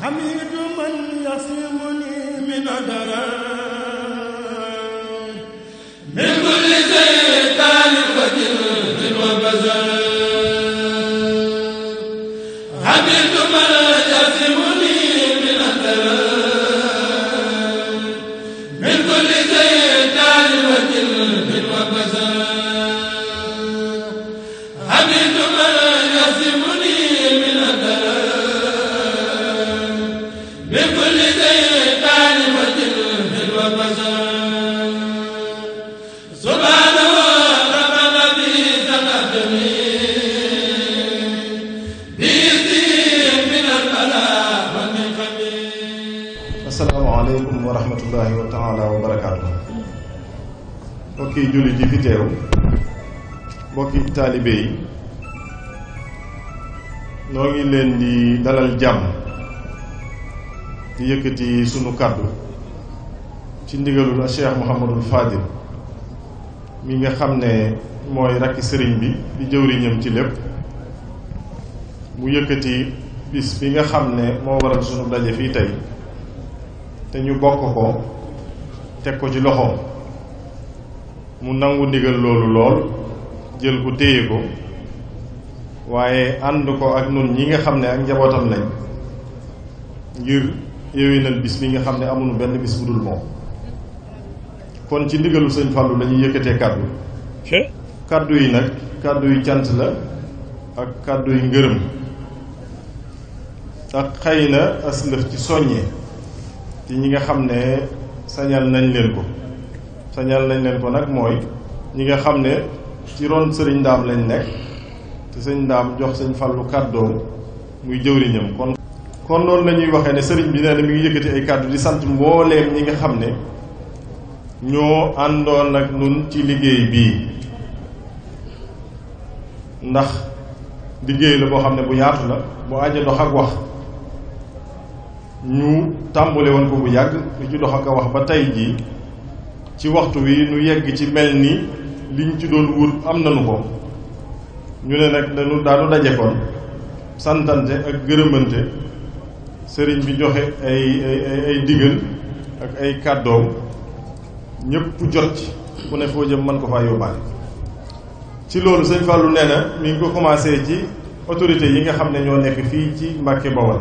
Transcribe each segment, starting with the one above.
حميد من يصمني من درر mbokki jullit yi fi teew mbokki yi noo ngi leen di dalal jàmm di yëkkati sunu kàddu ci ndigalul Cheikh Mouhamadul Fadil mi nga xam ne mooy rakki sëriñ bi di jëwriñam ci lépp mu yëkkati bis bi nga xam ne moo waral sunu daje fii tey te ñu bokk ko teg ko ci loxo mu nangu ndigal loolu lool jël ko téye ko waaye ànd ko ak nun ñi nga xam ne ak njabootam lañ ngir yéwénal bis bi nga xam ne amul benn bis bu dul moom kon ci ndigalu sëñ Fallou la ñuy kàddu kàddu yi nag kàddu yi cant la ak kàddu yi ngërëm ak xëy na aslëf ci soññe te ñi nga xam ne sañal nañ leen ko sañal nañ leen ko nag mooy ñi nga xam ne ci ron sëriñ ndaam lañ nekk te sëñ ndaam jox sëñ falu kàddoom muy jëwriñam kon kon noonu la ñuy waxee ne sëriñ bi nee na mi ngi yëkkati ay kàddu di sant mbooleem ñi nga xam ne ñoo àndoon ak nun ci liggéey bii ndax liggéey la boo xam ne bu yaatu la bu aja dox ak wax ñu tàmbale woon ko bu yàgg li ci dox ak wax ba tey jii ci waxtu wi nu yegg ci mel ni liñ ci doon wut am nañu ko ñu ne nag dañu daanu daje kon santante ak gërëmante sëriñ bi joxe ay ay ay digal ak ay kàddoom ñëpp jot ci ku ne foo jëm mën ko faa yóbbaale ci loolu sëñ Fallou nee na mi ngi ko commencé ci autorité yi nga xam ne ñoo nekk fii ci Mbàkke Bawol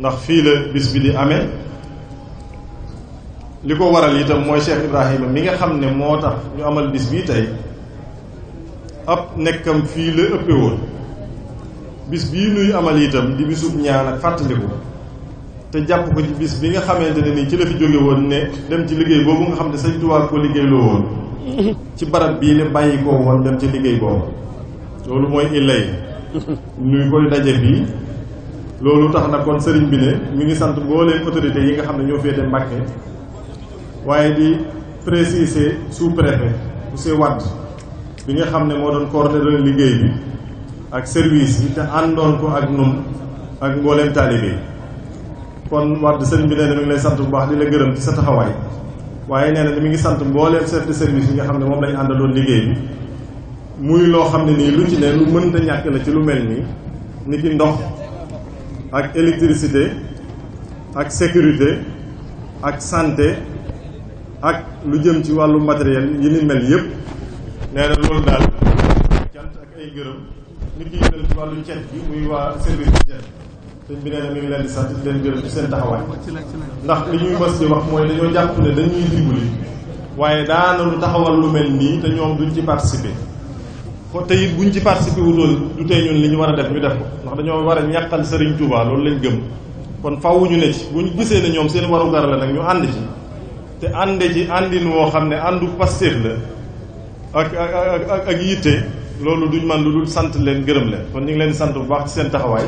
ndax fii la bis bi di amee li ko waral itam mooy Cheikh Ibrahima mi nga xam ne moo tax ñu amal bis bii tey ab nekkam fii la ëppe woon bis bii nuy amal itam di bisub ñaan ak fàttaliku te jàpp ko ci bis bi nga xamante ne ni ci la fi jóge woon ne dem ci liggéey boobu nga xam ne Sëñ Tuubaa ko liggéeyloo woon ci barab bii la bàyyi koo woon dem ci liggéey boobu loolu mooy illay nuy koy daje bii loolu tax na kon sëriñ bi ne mu ngi sant mbooleem autorité yi nga xam ne ñoo féete Mbàkke waaye di préciser sous préfet monsieur Wade bi nga xam ne moo doon coordonné liggéey bi ak service yi te àndoon ko ak nun ak mbooleem taalibe kon Wade sëriñ bi nee na ngi lay sant bu baax di la gërëm ci sa taxawaay waaye nee na mi ngi sant mbooleem chef de service yi nga xam ne moom lañ àndaloon liggéey bi muy loo xam ne nii lu ci ne lu mënta ñàkk la ci lu mel nii ni ki ndox ak électricité ak sécurité ak santé ak lu jëm ci wàllu matériel yi ni mel yëpp nee na loolu daal cant ak ay gërëm nit ñi mel ci wàllu cet bi muy waa service bi cet sëñ bi nee na mi ngi leen di sant di leen gërëm ci seen taxawaay ndax li ñuy mas di wax mooy dañoo jàpp ne dañuy dimbali waaye daana lu taxawal lu mel nii te ñoom duñ ci participer te it buñ ci participer wutoon du tey ñun li ñu war a def ñu def ko ndax dañoo war a ñàkkal Serigne Touba loolu lañ gëm kon fawuñu ne ci buñ gisee ne ñoom seen war gar la nag ñu ànd te ànde ci àndin woo xam ne àndu Pastef la ak ak ak ak yitte loolu duñ man lu dul sant leen gërëm leen kon ñu ngi leen sant bu baax ci seen taxawaay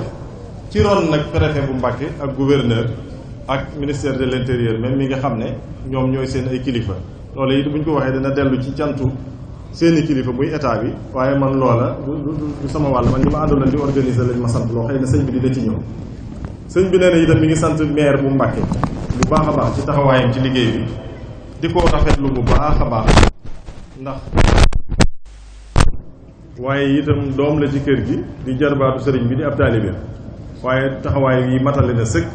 ci ron nag préfet bu Mbàkke ak gouverneur ak ministère de l'intérieur même mi nga xam ne ñoom ñooy seen ay kilifa loolu it bu ñu ko waxee dina dellu ci cantu seeni kilifa muy état bi waaye man loola du sama wàll man ñu ma àndaloon di organiser lañ ma sant loo xëy na sëñ bi dina ci ñëw sëñ bi nee na mi ngi sant maire bu Mbàkke bu baax ci taxawaayam ci liggéey bi di ko rafetlu bu baax a baax ndax waaye itam doom la ci kër gi di jarbaatu sëriñ bi di ab taalibe waaye taxawaay yi matale na sëkk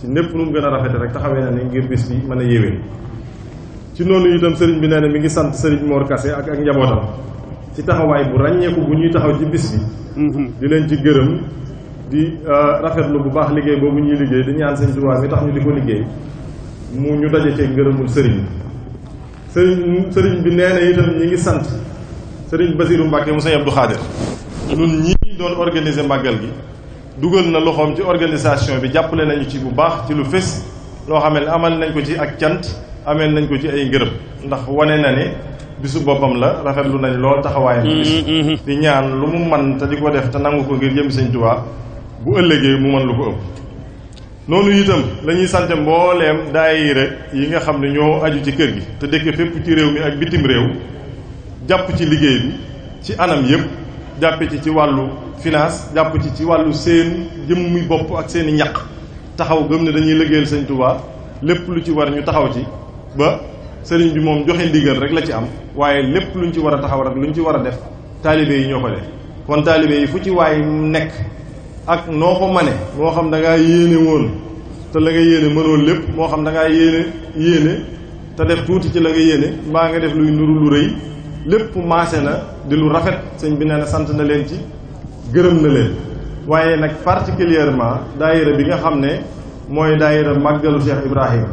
ci népp nu mu gën a rafete rek taxawee na ne ngir bis bi mën a yéwén ci noonu itam sëriñ bi nee na mi ngi sant sëriñ Mor Kase ak ak njabootam ci taxawaay bu ràññeeku bu ñuy taxaw ci bis bi mm-hmm. di leen ci gërëm di euh, rafetlu bu baax liggéey boobu ñuy liggéey di ñaan sëñ Tuubaa mi tax ñu di ko liggéey mu ñu daje ci ngërëmul sëriñ sëriñ sëriñ bi nee na itam ñi ngi sant sëriñ Basiru Mbàkke mu sëñ Abdu Xaadir ñun ñii doon organiser màggal gi dugal na loxoom ci organisation bi jàppale nañu ci bu baax ci lu fés loo xam ne amal nañ ko ci ak cant amee nañ ko ci ay ngërëm ndax wane na ne bisu boppam la rafetlu nañ lool taxawaayam bis mm-hmm. di ñaan lu mu man te di ko te nangu ko ngir jëm sëñ bu ëllëgee mu mën lu ko ëpp noonu itam lañuy ñuy sant mbooleem daayira yi nga xam ne ñoo aju ci kër gi te dëkk fépp ci réew mi ak bitim réew jàpp ci liggéey bi ci anam yëpp jàppe ci ci wàllu finance jàpp ci ci wàllu seen jëmmi bopp ak seen i ñaq taxaw gëm ne dañuy liggéeyal sëñ Tuubaa lépp lu ci war ñu taxaw ci ba sëriñ bi moom joxe ndigal rek la ci am waaye lépp luñ ci war a taxaw rek luñ ci war a def taalibe yi ñoo ko def kon taalibe nekk ak noo ko mane moo xam da ngaa yéene woon te la nga yéene mënoo lépp moo xam da ngaa yéene yéene te def tuuti ci la nga yéene mbaa nga def luy nuru lu rëy lépp maase na di lu rafet sëñ bi nee na sant na leen ci gërëm na leen waaye nag particulièrement daayira bi nga xam ne mooy daayira màggalu Cheikh Ibrahima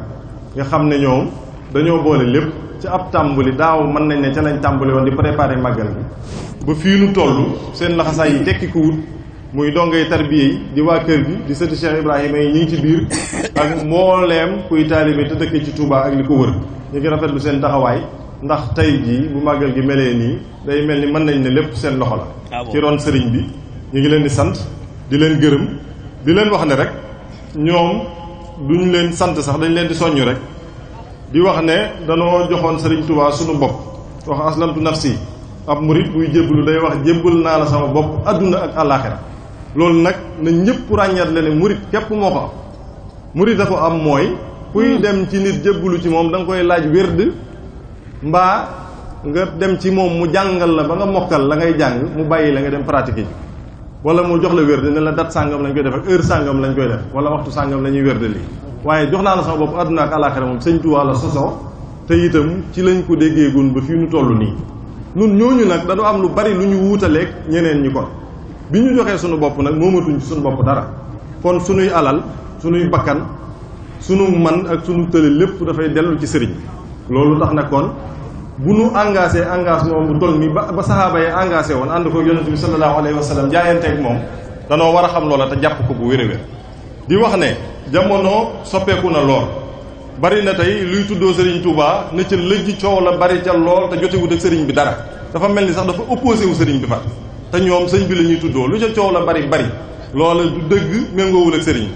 nga xam ne ñoom dañoo boole lépp ci ab tàmbali daaw mën nañ ne ca lañ tàmbali woon di préparer màggal bi ba fii nu toll seen laxasaay yi tekki muy dongay tarbiya yi di waa kër gi di sëti Cheikh Ibrahima yi ñu ngi ci biir ak mbooleem kuy taalibe te dëkk ci tubaa ak li ko wër ñu ngi rafetlu seen taxawaay ndax tey jii bu màggal gi melee nii day mel ni mën nañ ne lépp seen loxo la ah ci ron sëriñ bi ñu ngi leen di sant di leen gërëm di leen wax ne rek ñoom duñu leen sant sax dañ leen di soññ rek di wax ne danoo joxoon sëriñ tubaa suñu bopp wax aslamtu nafsi ab murit buy jébbalu day wax jébbal naa la sama bopp ak àllaaxira loolu nag na ñëpp ràññat la ne murit képp moo ko am murit a ko am mooy kuy hmm. dem ci nit jëbbulu ci moom da koy laaj wérd mbaa nga dem ci moom mu jàngal la ba nga mokkal la ngay jàng mu bàyyi la nga dem pratiquer ji wala moo jox la wérd ne la date sàngam lañ koy def ak heure sàngam lañ koy def wala waxtu sàngam la ñuy wérd lii waaye jox naa la sama bopp àdduna ak àllaaxira moom sëñ Tuubaa la sosoo te itam ci lañ ko déggee gun ba fii nu toll nii nun ñooñu nag dañu am lu bari lu ñu wuutaleeg ñeneen ñi kon bi ñu joxee suñu bopp nag moomatuñ ci suñu bopp dara kon suñuy alal suñuy bakkan sunu man ak sunu tële lépp dafay dellu ci sëriñ bi loolu tax na kon bu nu engagé engagement bu toll nii ba ba saxaaba yi engagé woon ànd ko yonent bi sallallahu alayhi wa sallam jaayanteeg moom danoo war a xam loola te jàpp ko bu wér-wér di wax ne jamono soppeeku na lool bari na tey luy tuddoo sëriñ Touba na ca lëjj coow la bari ca lool te jotewut ak sëriñ bi dara dafa mel ni sax dafa opposé wu sëriñ bi fa te ñoom sëñ bi lañuy tuddoo lu ca coow la bari bari loola du dégg méngoowul ak sëriñ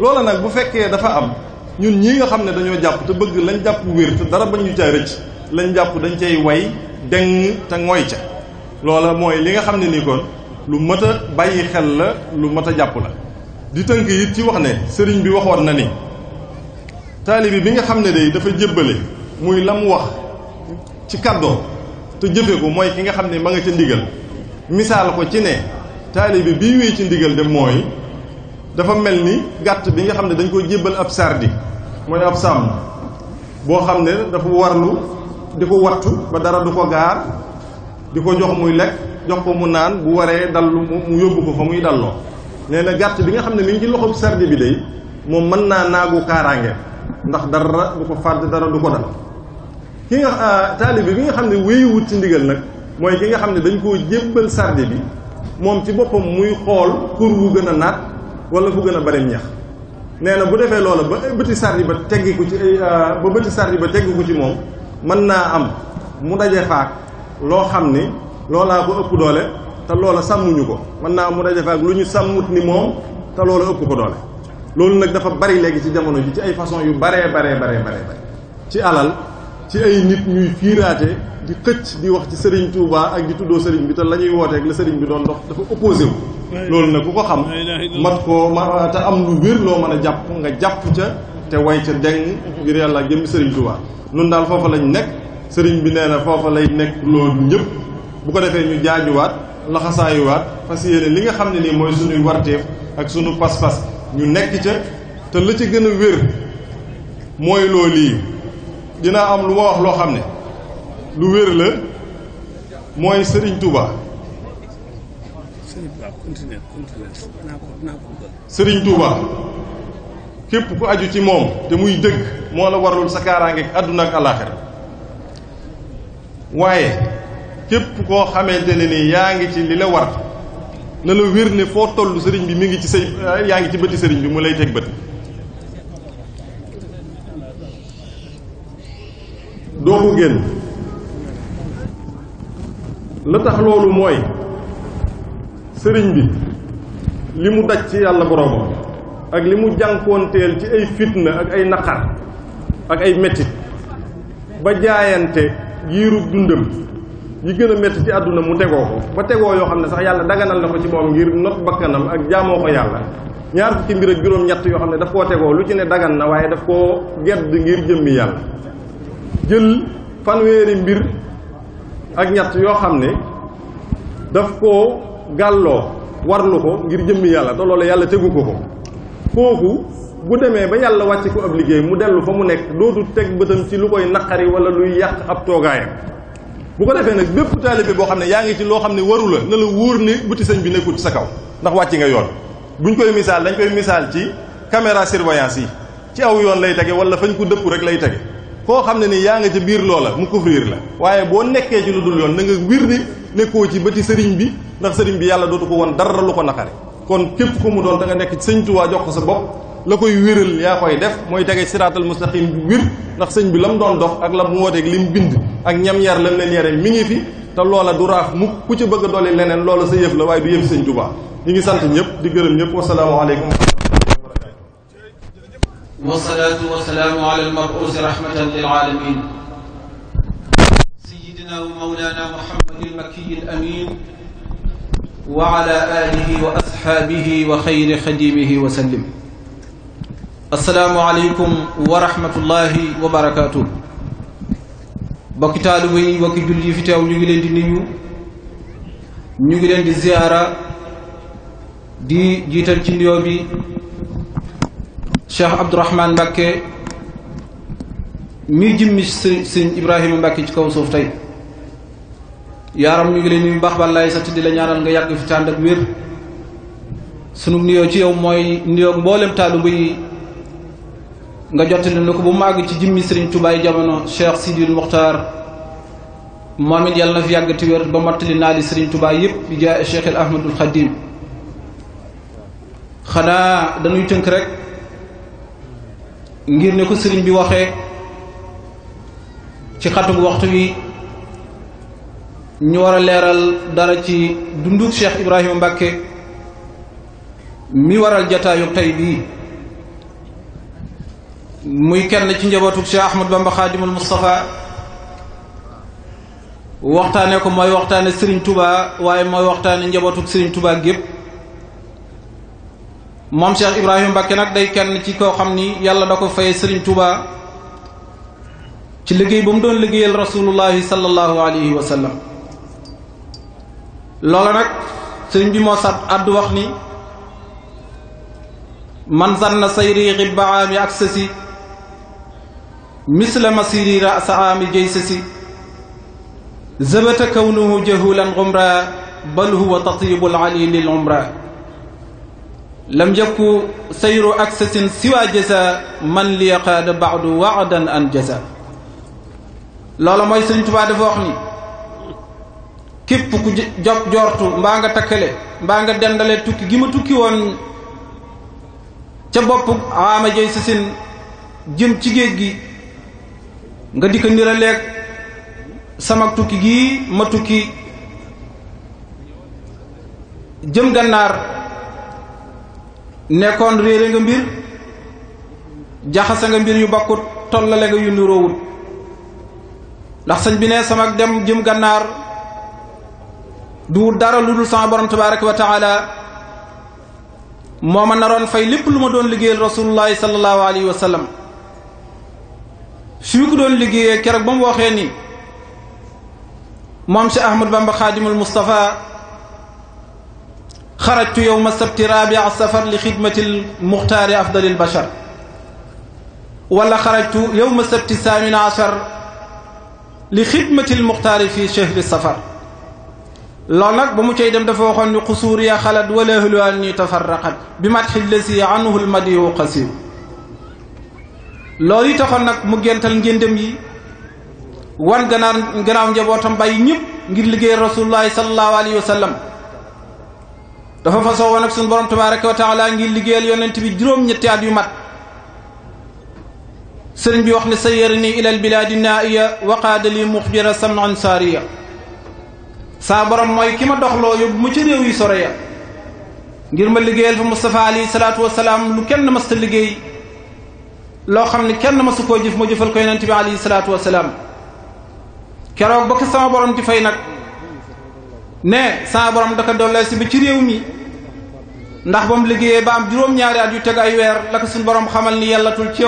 loola nag bu fekkee dafa am ñun ñi nga xam ne dañoo jàpp te bëgg lañ jàpp wér te dara bañ ñu caa rëcc lañ jàpp dañ cay way deng te ngoy ca mooy li nga xam ne nii kon lu mat a bàyyi xel la lu mat a jàpp la di tënk it ci wax ne sëriñ bi waxoon na ni taalibi bi nga xam ne day dafa jébbale muy la mu wax ci kàddoo te jëfe ko mooy ki nga xam ne ma nga ca ndigal misaal ko ci ne taalibe bii wéy ci ndigal de mooy dafa mel ni gàtt bi nga xam ne dañ ko jébbal ab sardi mooy ab sàmm boo xam ne dafa warlu di ko wattu ba dara du ko gaar di ko jox muy lekk jox ko mu naan bu waree dallu mu yóbbu ko fa muy dalloo nee na gàtt bi nga xam ne mi ngi ci loxob sardi bi day moom mën naa naagu kaaraange ndax dara du ko fàdd dara du ko dal ki nga ah, taalibe bi nga xam ne wéyuwut ci ndigal nag mooy ki nga xam ne dañ koo jébbal sarde bi moom ci boppam muy xool kur wu gën a naat wala fu gën a bareem ñax nee na bu defee loola ba bëti sardi ba teggi ko ci euh, ba bëti sardi ba teggi ci moom mën naa am mu dajee faak loo xam ni loolaa ko ëpp doole te loola sàmmuñu ko mën naa am mu daje faak lu ñu sàmmut ni moom te loola ëpp ko doole loolu nag dafa bari léegi ci jamono ji ci ay façon yu baree baree baree baree bare ci alal ci ay nit ñuy fiiraate di xëcc di wax ci sëriñ Touba ak di tuddoo sëriñ bi te la ñuy wooteek la sëriñ bi doon dox dafa opposé wu loolu nag ku ko xam mat koo ma te am lu wér loo mën a jàpp nga jàpp ca te way ca deng ngir yàlla ak jëmmi sëriñ Touba nun daal foofa lañ nekk sëriñ bi nee na foofa lay nekk loolu ñëpp bu ko defee ñu jaajuwaat laxasaayuwaat fas yéene li nga xam ne nii mooy suñuy warteef ak suñu pas-pas ñu nekk ca te la ci gën a wér mooy loolu yi dinaa am lu ma wax loo xam ne lu wér la mooy Serigne Touba. Serigne Touba képp ku aju ci moom te muy dëgg moo la warlul sa kaaraange àdduna ak àllaaxira waaye képp koo xamante ne ni yaa ngi ci li la war na la wér ne foo toll Serigne bi mu ngi ci say yaa ngi ci bëti Serigne bi mu lay teg bët. doo ko génn la tax loolu mooy sëriñ bi li mu daj ci yàlla boroomam ak li mu jànkoonteel ci ay fitna ak ay naqar ak ay mettit ba jaayante giirub dundam yi gën a métti ci àdduna mu tegoo ko ba tegoo yoo xam ne sax yàlla daganal na ko ci moom ngir not bakkanam ak jaamoo ko yàlla ñaar fukki mbir ak juróom-ñett yoo xam ne daf koo tegoo lu ci ne dagan na waaye daf koo gedd ngir jëmmi yàlla jël fanweeri mbir ak ñett yoo xam ne daf koo gàlloo warlu ko ngir jëmmi yàlla te loolu yàlla tegu ko ko foofu bu demee ba yàlla wàcce ko ab liggéey mu dellu fa mu nekk dootu teg bëtam ci lu koy naqari wala luy yàq ab toogaayam bu ko defee nag bépp taalibe boo xam ne yaa ngi ci loo xam ne waru la na la wóor ne buti sëñ bi nekkul sa kaw ndax wàcci nga yoon buñ koy misaal dañ koy misaal ci caméra surveillance yi ci aw yoon lay tege wala fañ ko dëpp rek lay tege koo xam ne ni yaa nga ca biir loola mu couvrir la waaye boo nekkee ci lu dul yoon na nga wir ni nekkoo ci bëti sëriñ bi ndax sëriñ bi yàlla dootu ko woon dara lu ko naqari kon képp ko mu doon da nga nekk ci sëñ Tuubaa jox ko sa bopp la koy wéral yaa koy def mooy tege siraatal mustaqim bi wir ndax sëñ bi la mu dox ak la mu wooteeg li mu bind ak ñam yar lam leen yare mi ngi fi te loola du raaf mu ku ca bëgg a dolli leneen loola sa yëf la waaye du yëf sëñ ngi sant ñëpp di gërëm ñëpp wasalaamaaleykum wasalaatu wasalaamu ala almabuusi rahmatan lilaalamin sayidina wa mawlana muhammad almakki alamin wa ala alihi wa asxaabihi wa xayri xadimihi wa sallim asalaamu aleykum wa rahmatullahi wa barakaatuh bokki taalibe yi bokki julli yi fi teew ñu ngi leen di nuyu ñu ngi leen di ziyaara di jiital ci nuyoo bi Cheikh Abdourahman Mbacke mi jëmmi sëñ sëñ Ibrahima Mbacke ci kaw suuf tey yaaram ñu ngi leen nuyu baax wallaay sa tiddi la ñaanal nga yàgg fi tànd ak wér sunu nuyoo ci yow mooy nuyoo mboolem taalibe yi nga jottali na ko bu màgg ci jëmmi sëriñ Tuubaa jamono Cheikh Sidil Muxtaar moom it yàlla na fi yàgg ti ba mottali naa li sëriñ Tuubaa yëpp jaay Cheikh Ahmadul Xadim xanaa dañuy tënk rek. ngir ne ko sëriñ bi waxee ci xatug waxtu wi ñu war a leeral dara ci dundug Cheikh Ibrahima Mbacke mi waral jataayu tey bii muy kenn ci njabootug Cheikh Ahmad Bamba Xaadimul Moustapha waxtaane ko mooy waxtaane Serigne tubaa waaye mooy waxtaane njabootug Serigne Touba gépp moom Cheikh Ibrahima Mbacke nag day kenn ci koo xam ni yàlla da ko fay Serigne Touba ci liggéey ba mu doon liggéeyal rasulullahi sallallahu alayhi loola nag sëriñ bi moo sat addu wax ni man zanna sayri xibbaami ak sësi misla masiri rasaami jëy sësi zabata kawnuhu jahulan xumra bal huwa tatibul ali lil umra lam yakku sayru aksasin siwa jasa man li qaada baadu waadan an jasa loola mooy sëñ Tuubaa dafa wax ni képp ku jot mbaa nga takkale mbaa nga dendale tukki gi ma tukki woon ca bopp aama jëy sa sin jëm ci géej gi nga di ko niraleeg sama tukki gi ma tukki jëm gànnaar nekkoon réere nga mbir jaxase nga mbir yu bakkut tollale nga yu niroowut ndax sañ bi ne sama dem jëm gannaar du dara lu dul sama borom tabaraka wa taala moo ma naroon fay lépp lu ma doon liggéeyal rasulullahi sallallahu alayhi wa sallam fii doon liggéeyee keroog ba mu waxee ni moom si Ahmad Bamba xaadimul Mustafa xarajtu yowma sabti rabia safar li xidmati lmuxtaari afdali lbachar wala xarajtu yowma sabti saamin achar li xidmati lmuxtaari fi chehri safar loolu nag ba mu cay dem dafa waxoon ni xusuuriya xalat wala hulwaan ni tafarraqat bi mat xillasi anhu lmadiyu qasiw loolu yi taxoon nag mu gental ngéndam yi wan gannaaw njabootam bàyyi ñëpp ngir liggéey rasulullahi sallallahu alayhi wa dafa fasoo woon ak suñu borom tabaraka wa ngir liggéeyal yonent bi juróom-ñetti at yu mat sëriñ bi wax ne sayyarni ilal bilaadi naiya waqaadali muxjira sam'an saariya saa borom mooy ki ma doxloo yóbbu mu ci réew yi sore ngir ma liggéeyal fa Mustafa alayhi salaatu wasalaam lu kenn mas ta liggéey loo xam ne kenn masu koo jëf ma jëfal ko yonent bi alayhi salaatu wasalaam keroog ba sama borom di fay nag ne saa borom da ko si bi ci réew mi ndax ba mu liggéeyee ba am juróom-ñaari at yu teg ay weer la ko borom xamal ni yellatul ci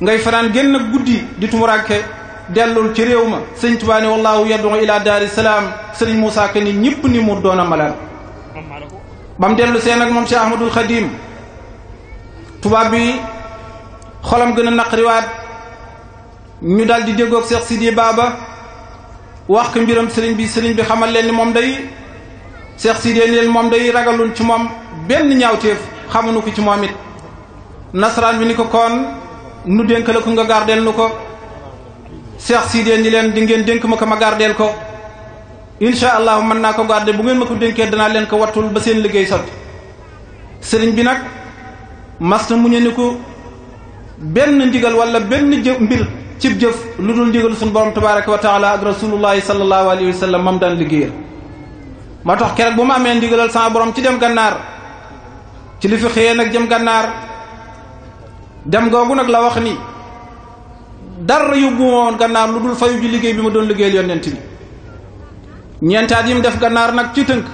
ngay fanaan génn guddi di tumuraanke dellul ci réew ma sëñ Tuubaa ne wallaahu yad'u ilaa daari sëriñ Moussa Ka ni ñëpp ni mu doon a malaan ba mu dellu see moom si Ahmadul Xadim tubaab bi xolam gën a naqariwaat ñu daal di déggoog Seex Sidi Baaba wax ko mbiram sëriñ bi sëriñ bi xamal leen ni moom day seex si deen leen moom day ragalul ci moom benn ñaawteef xamuñu ko ci moom it nasaraan bi ni ko kon nu dénk la ko nga gardeel nu ko seex si deen ni leen di ngeen dénk ma ko ma gardeel ko incha allah mën naa ko garde bu ngeen ma ko dénkee danaa leen ko wattul ba seen liggéey sotti sëriñ bi nag mas na mu ñu ni ko benn ndigal wala benn jë mbir cib jëf lu dul ndigal suñu borom tabaraka wa taala ak rasulullahi sallallahu alayhi wa sallam mam daan liggéeyal moo tax keroog bu ma amee ndigalal sama borom ci dem gànnaar ci li fi xëyee nag jëm gànnaar dem googu nag la wax ni dara yóbbu ma woon gànnaar lu dul fayu ji liggéey bi ma doon liggéeyal yonent bi ñeentaat yi mu def gànnaar nag ci tënk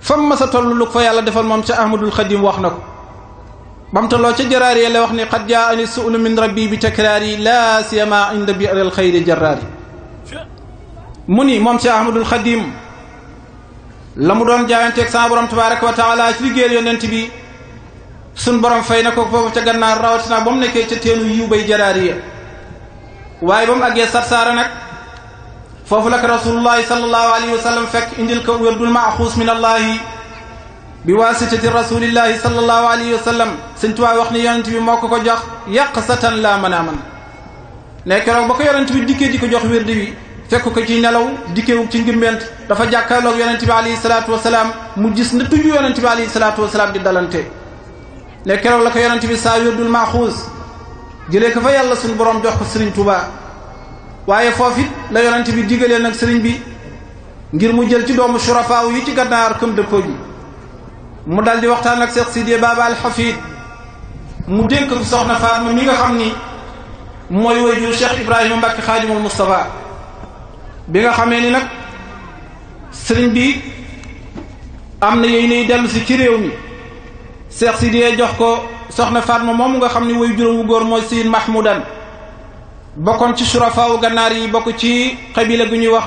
fam ma sa toll lu ko fa yàlla defal moom ca ahmadul xadim wax na ko loo ca jaraar yi wax ni xad jaa ani su'lu min rabbi bi takraari laa siyama inda bi'r al xayri jaraari mu ni moom Cheikh Ahmadul Xadim la mu doon jaayanteeg sama borom tabaaraka wa taala ci liggéeyal yonent bi sun borom fay na ko foofu ca gannaar rawatina ba mu ca teenu yiw bay jaraariya waaye ba mu sarsaara nag foofu la ko rasulullahi sallallahu alayhi fekk indil ko wérdul maxuus min allahi bi waasitati rasulillahi sallallahu alayhi wa sallam sëñ Tuubaa wax ni yonent bi moo ko ko jox yàq satan laa mën a man ne keroog ba ko yonent bi dikkee di ko jox wérdi wi fekk ko ci nelaw dikkeewug ci ngimbent dafa jàkkaarloog yonent bi alayhi salaatu wasalaam mu gis na tuju yonent bi alayhi salaatu wasalaam di dalante ne keroog la ko yonent bi saa wérdul maaxuus jëlee ko fa yàlla suñu borom jox ko sëriñ Tuubaa waaye foofu it la yonent bi digalee nag sëriñ bi ngir mu jël ci doomu surafaaw yi ci gànnaar këm dëkkoo mu dal di waxtaan ak Cheikh Sidiya Baba Al mu dénk ko soxna Fatma mi nga xam ni mooy wayjur Cheikh Ibrahima Mbacke Xaadimul Moustapha bi nga xamee ni nag sëriñ bi am na yooyu nuy dellu si ci réew mi Cheikh Sidiya jox ko soxna Fatma moom nga xam ni wayjuram wu góor mooy Sine Mahmoudan bokkoon ci surafaawu gannaar yi bokk ci xabila gu ñuy wax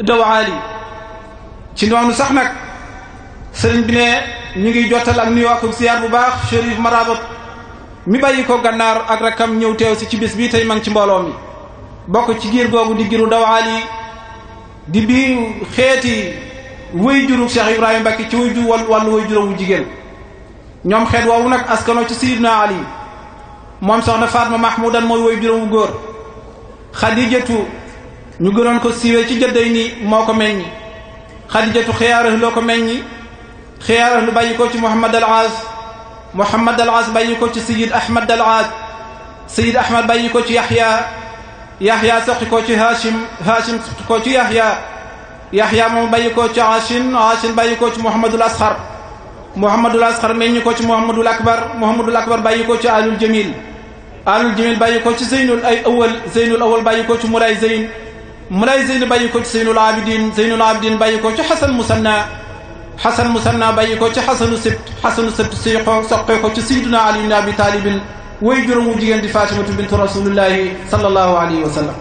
dawaali ci noonu sax nag sëriñ bi ne ñu ngi jottal ak nuyoo ak bu baax Chérif Marabot mi bàyyi ko gànnaar ak rakkam ñëw teew si ci bis bii tey ma ngi ci mbooloo bokk ci giir googu di giru dawaal yi di biir xeeti wéy juru Cheikh Ibrahima Mbacke ci wéy ju wàllu wéy juróomu jigéen ñoom xeet woowu nag askano ci Sayyidina Ali moom soxna Fatma Mahmoudan mooy wéy juróomu góor Xadijatu ñu gënoon ko siiwee ci jëdday nii moo ko meññi Xadijatu xiyaara loo ko meññi xiyaara lu bàyyi ko ci Mouhamad Al Aas Mouhamad Al Aas bàyyi ko ci Sayid Ahmad Al Aas Sayid Ahmad bàyyi ko ci Yaxya Yaxya soqi ko ci Hachim Hachim soqi ko ci Yaxya Yaxya moom bàyyi ko ci Hachim Hachim bàyyi ko ci Mouhamadul Asxar Mouhamadul Asxar meññi ko ci Mouhamadul Akbar Mouhamadul Akbar bàyyi ko ci Alul Jamil Alul Jamil bàyyi ko ci Zeynul ay awal Zeynul awal bàyyi ko ci Moulay Zeyn Moulay Zeyn bàyyi ko ci Zeynul Abidin Zeynul Abidin bàyyi ko ci Xasan Musanna xasan musanna bàyyi ko ci xasanu sibt xasanu sibt si soqee ko ci sayyiduna ali ibn abi taalibin way juróomu jigéen di fatimatu bintu rasulillahi sallallahu alayhi wa sallam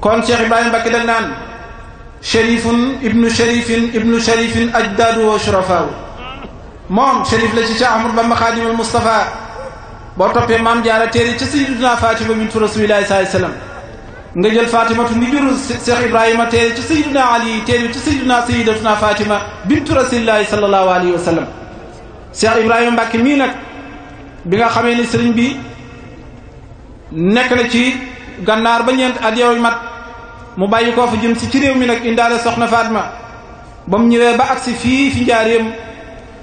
kon cheikh ibrahima bakki dag naan sharifun ibnu sharifin ibnu sharifin ajdaadu wa shurafaawu moom sharif la ci cheikh ahmad bamba xaadimal mustafa boo toppee maam jaara téere ci sayyiduna fatima bintu rasulillahi sallallahu alayhi wa sallam nga jël fatimatu mi jur Cheikh Ibrahima teere ci sayyiduna Ali teere ci sayyiduna sayyidatuna Fatima bintu rasulillahi sallallahu alayhi wa sallam Cheikh Ibrahima Mbacke mii nag bi nga xamee ni sëriñ bi nekk na ci gànnaar ba ñeent at yow mat mu bàyyi koo fu jëm si ci réew mi nag indaale soxna Fatima ba mu ñëwee ba agsi fii fi njaareem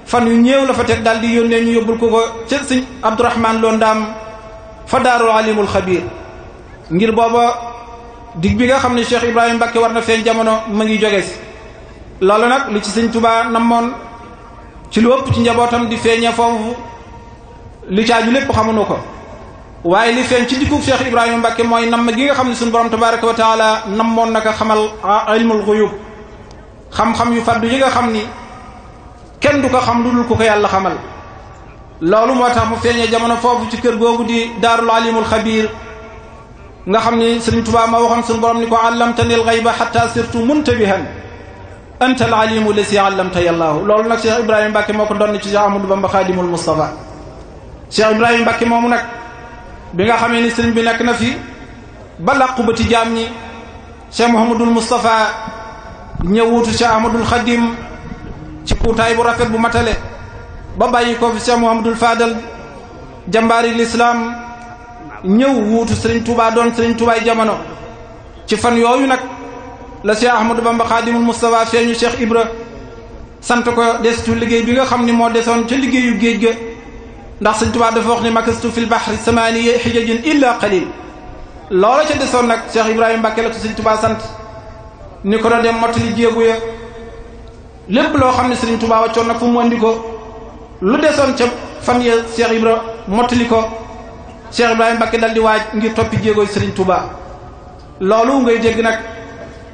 fan yu ñëw la fa daal di yónnee ñu yóbbul ko ko ca sëñ Abdourahman Lo Ndaam fa daarul alimul xabir ngir booba dig bi nga xam ne Cheikh Ibrahima mbakke war na feeñ jamono ma ngi jóge si loolu nag li ci sëñ Touba namoon ci lu ëpp ci njabootam di feeñee foofu li caaju lépp xamuñu ko waaye li feeñ ci dikkub Cheikh Ibrahima Mbacke mooy nam gi nga xam ne sun borom tabaraka wa taala namoon na ko xamal ilmul xuyub xam-xam yu faddu yi nga xam ni kenn du ko xam lu dul ku ko yàlla xamal loolu moo tax mu feeñee jamono foofu ci kër googu di daarul alimul xabiir nga xam ni sëriñ Tuubaa ma waxoon suñu borom ni ko àllamtani alxayba xatta sirtu muntabihan anta al alimu lasi àllamta yallaahu loolu nag Cheikh Ibrahima Mbacke moo ko doon ci Cheikh Ahmadou Bamba xaadimul Mustafa Cheikh Ibrahima Mbacke moomu nag bi nga xam ni sëriñ bi nekk na fi ba làqu ba ci jaam ñi Cheikh Mouhamadul Moustapha ñëwuutu Cheikh Xadim ci kuutaay bu rafet bu matale ba bàyyi ko fi Cheikh Mouhamadul Fadal jàmbaari lislaam ñëw wuutu sëriñ Touba doon sëriñ Toubaay jamono ci fan yooyu nag la Cheikh Ahmadou Bamba Xaadimul Moustapha feeñu Cheikh Ibra sant ko destu liggéey bi nga xam ni moo desoon ca liggéeyu géej ga ndax sëriñ Touba dafa wax ni makastu fil bahri samaniya xijajin illa qalil loola ca desoon nag Cheikh Ibrahima Mbàkke la ko sëriñ Touba sant ni ko doon dem mottali jéegu ya lépp loo xam ne sëriñ Touba wàccoon nag fu mu andi ko lu desoon ca fan ya Cheikh Ibra mottali ko Cheikh Ibrahima Mbacké dal di waaj ngir toppi jéegooy Serigne Touba loolu ngay dégg nag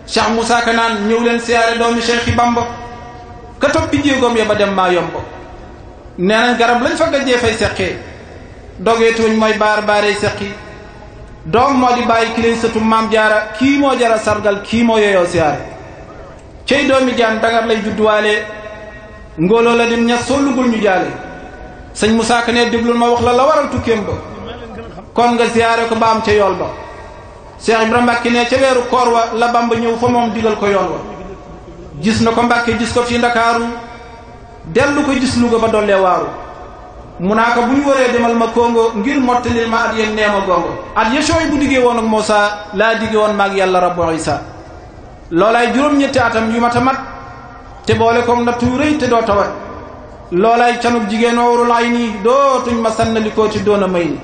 Cheikh Moussa Kanaan ñëw leen siyaare doomi Cheikh Bamba ka toppi jéegoom ya ba dem maa yomb nee nañ garab lañ fa gajjee fay seqee dogeetuñ mooy baar baaree seqi doom moo di bàyyi ki lay sëtu maam jaara kii moo jara sargal kii moo yeyoo siyaare cey doomi jaan dangar lay judduwaalee ngóoloo la dim ña sollugul ñu jaale sëñ Moussa Ka ne déglul ma wax la la waral tukkeem kon nga ziyaare ko ba ca yool ba Cheikh Ibrahima Mbacke ne ca weeru koor wa la Bamba ñëw fa moom digal ko yool wa gis na ko Mbacke gis ko fi Ndakaaru dellu ko gis Louga ba dollee waaru mu naa ko bu ñu waree demal ma Congo ngir mottalil ma at yéen nee ma gongo at yesooy bu diggee woon ak Moussa laa diggee woon maag yàlla rabbu Isa loolaay juróom-ñetti atam yu mat a te boole koog nattu yu rëy te doo tawat loolaay canub jigéen warul ay nii dootuñ ma sànnali ci doon a may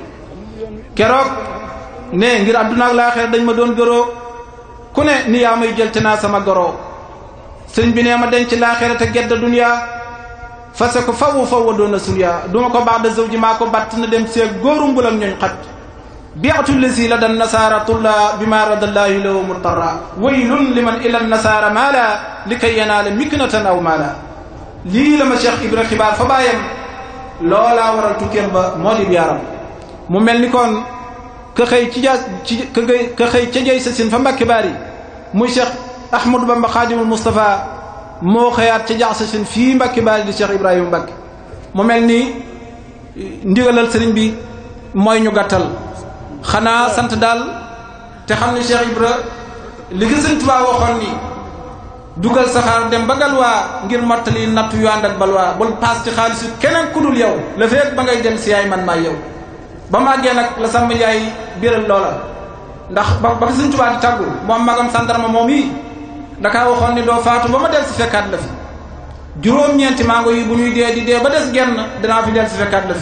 keroog ne ngir àdduna ak laaxeer dañ ma doon gëroo ku ne ni yaa jël te naa sama goroo sëñ bi nee ma denc laaxeer te gedd duniyaa fase ko fawu faw doon a suniyaa duma ko baax da sëw ji ko batt na dem seeg góorum bulam ñooñ xat biatu lesi la dan nasaara tulla bi ma radallaahi law murtara waylun liman ila nasaara maala li kay yanaale miknatan aw maala lii la ma Cheikh Ibra xibaar fa bàyyam loolaa waral tukkeem ba moo di bi yaram mu mel ni kon ka xëy ci jaas ci ka sa sin fa mbàkke baar yi muy cheikh ahmadou ba xaadimul moustapha moo xëyaat ca jax sa sin fii mbàkke baar yi di cheikh ibrahima mbàkke mu mel ni eh, ndigalal sëriñ bi mooy ñu gàttal xanaa sant daal te xam ne cheikh ibra li ko sëñ Tuubaa waxoon ni dugal saxaar dem ba galwaa ngir mottali nattu yu ànd ak balwaa bul paas ci xaalisu keneen ku dul yow la feek ba ngay dem si man maa yow ba màggee nag la Samba Ndiaye biral loola ndax ba ba Sëriñ Tuubaa di tàggul moom magam sandarma moom yi dakaa waxoon ni doo faatu ba ma del si fekkaat la fi juróom-ñeenti mango yi bu ñuy dee di dee ba des genn danaa fi del si fekkaat la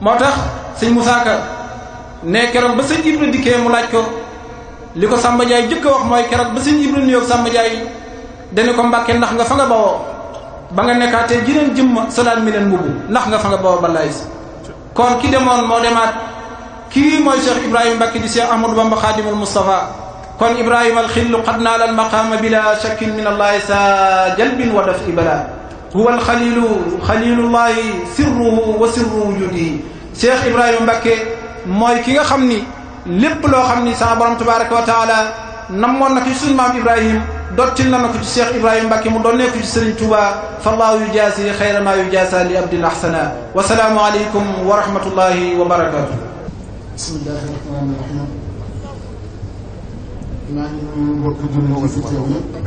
moo tax sëñ Moussa Ka ne keroog ba sëñ Ibra dikkee mu laaj ko li ko Samba Ndiaye jëkk wax mooy keroog ba si Ibra nuyoog Samba Ndiaye dañu ko mbàkkee ndax nga fa nga bawoo ba nga nekkaatee jineen jëmma solaan mi leen mbubb ndax nga fa nga bawoo ba kon ki demoon moo demaat kii mooy cheikh ibrahima mbakki di cheikh ahmadou bamba xaadimul mustafa kon ibrahima alxillu qad naala almaqaama bila shakkin min allahi sa jalbin wa daf ibala huwa alxalilu xalilullahi sirruhu wa sirru wujudihi cheikh ibrahima mbakke mooy ki nga xam ni lépp loo xam ni sa borom tabaraka wa taala namoon na ko ci suñ maam Ibrahim dottil na na ko ci Cheikh Ibrahim Mbacke mu doon nekk ci Serigne Touba fallaahu yujaasi xayra maa yujaasa li abdin ahsana wa salaamu aleykum wa rahmatullahi wa barakaatu. bismillahi rahmaani rahim. maa ngi nuyu mbokki jullit yi fi teew yëpp.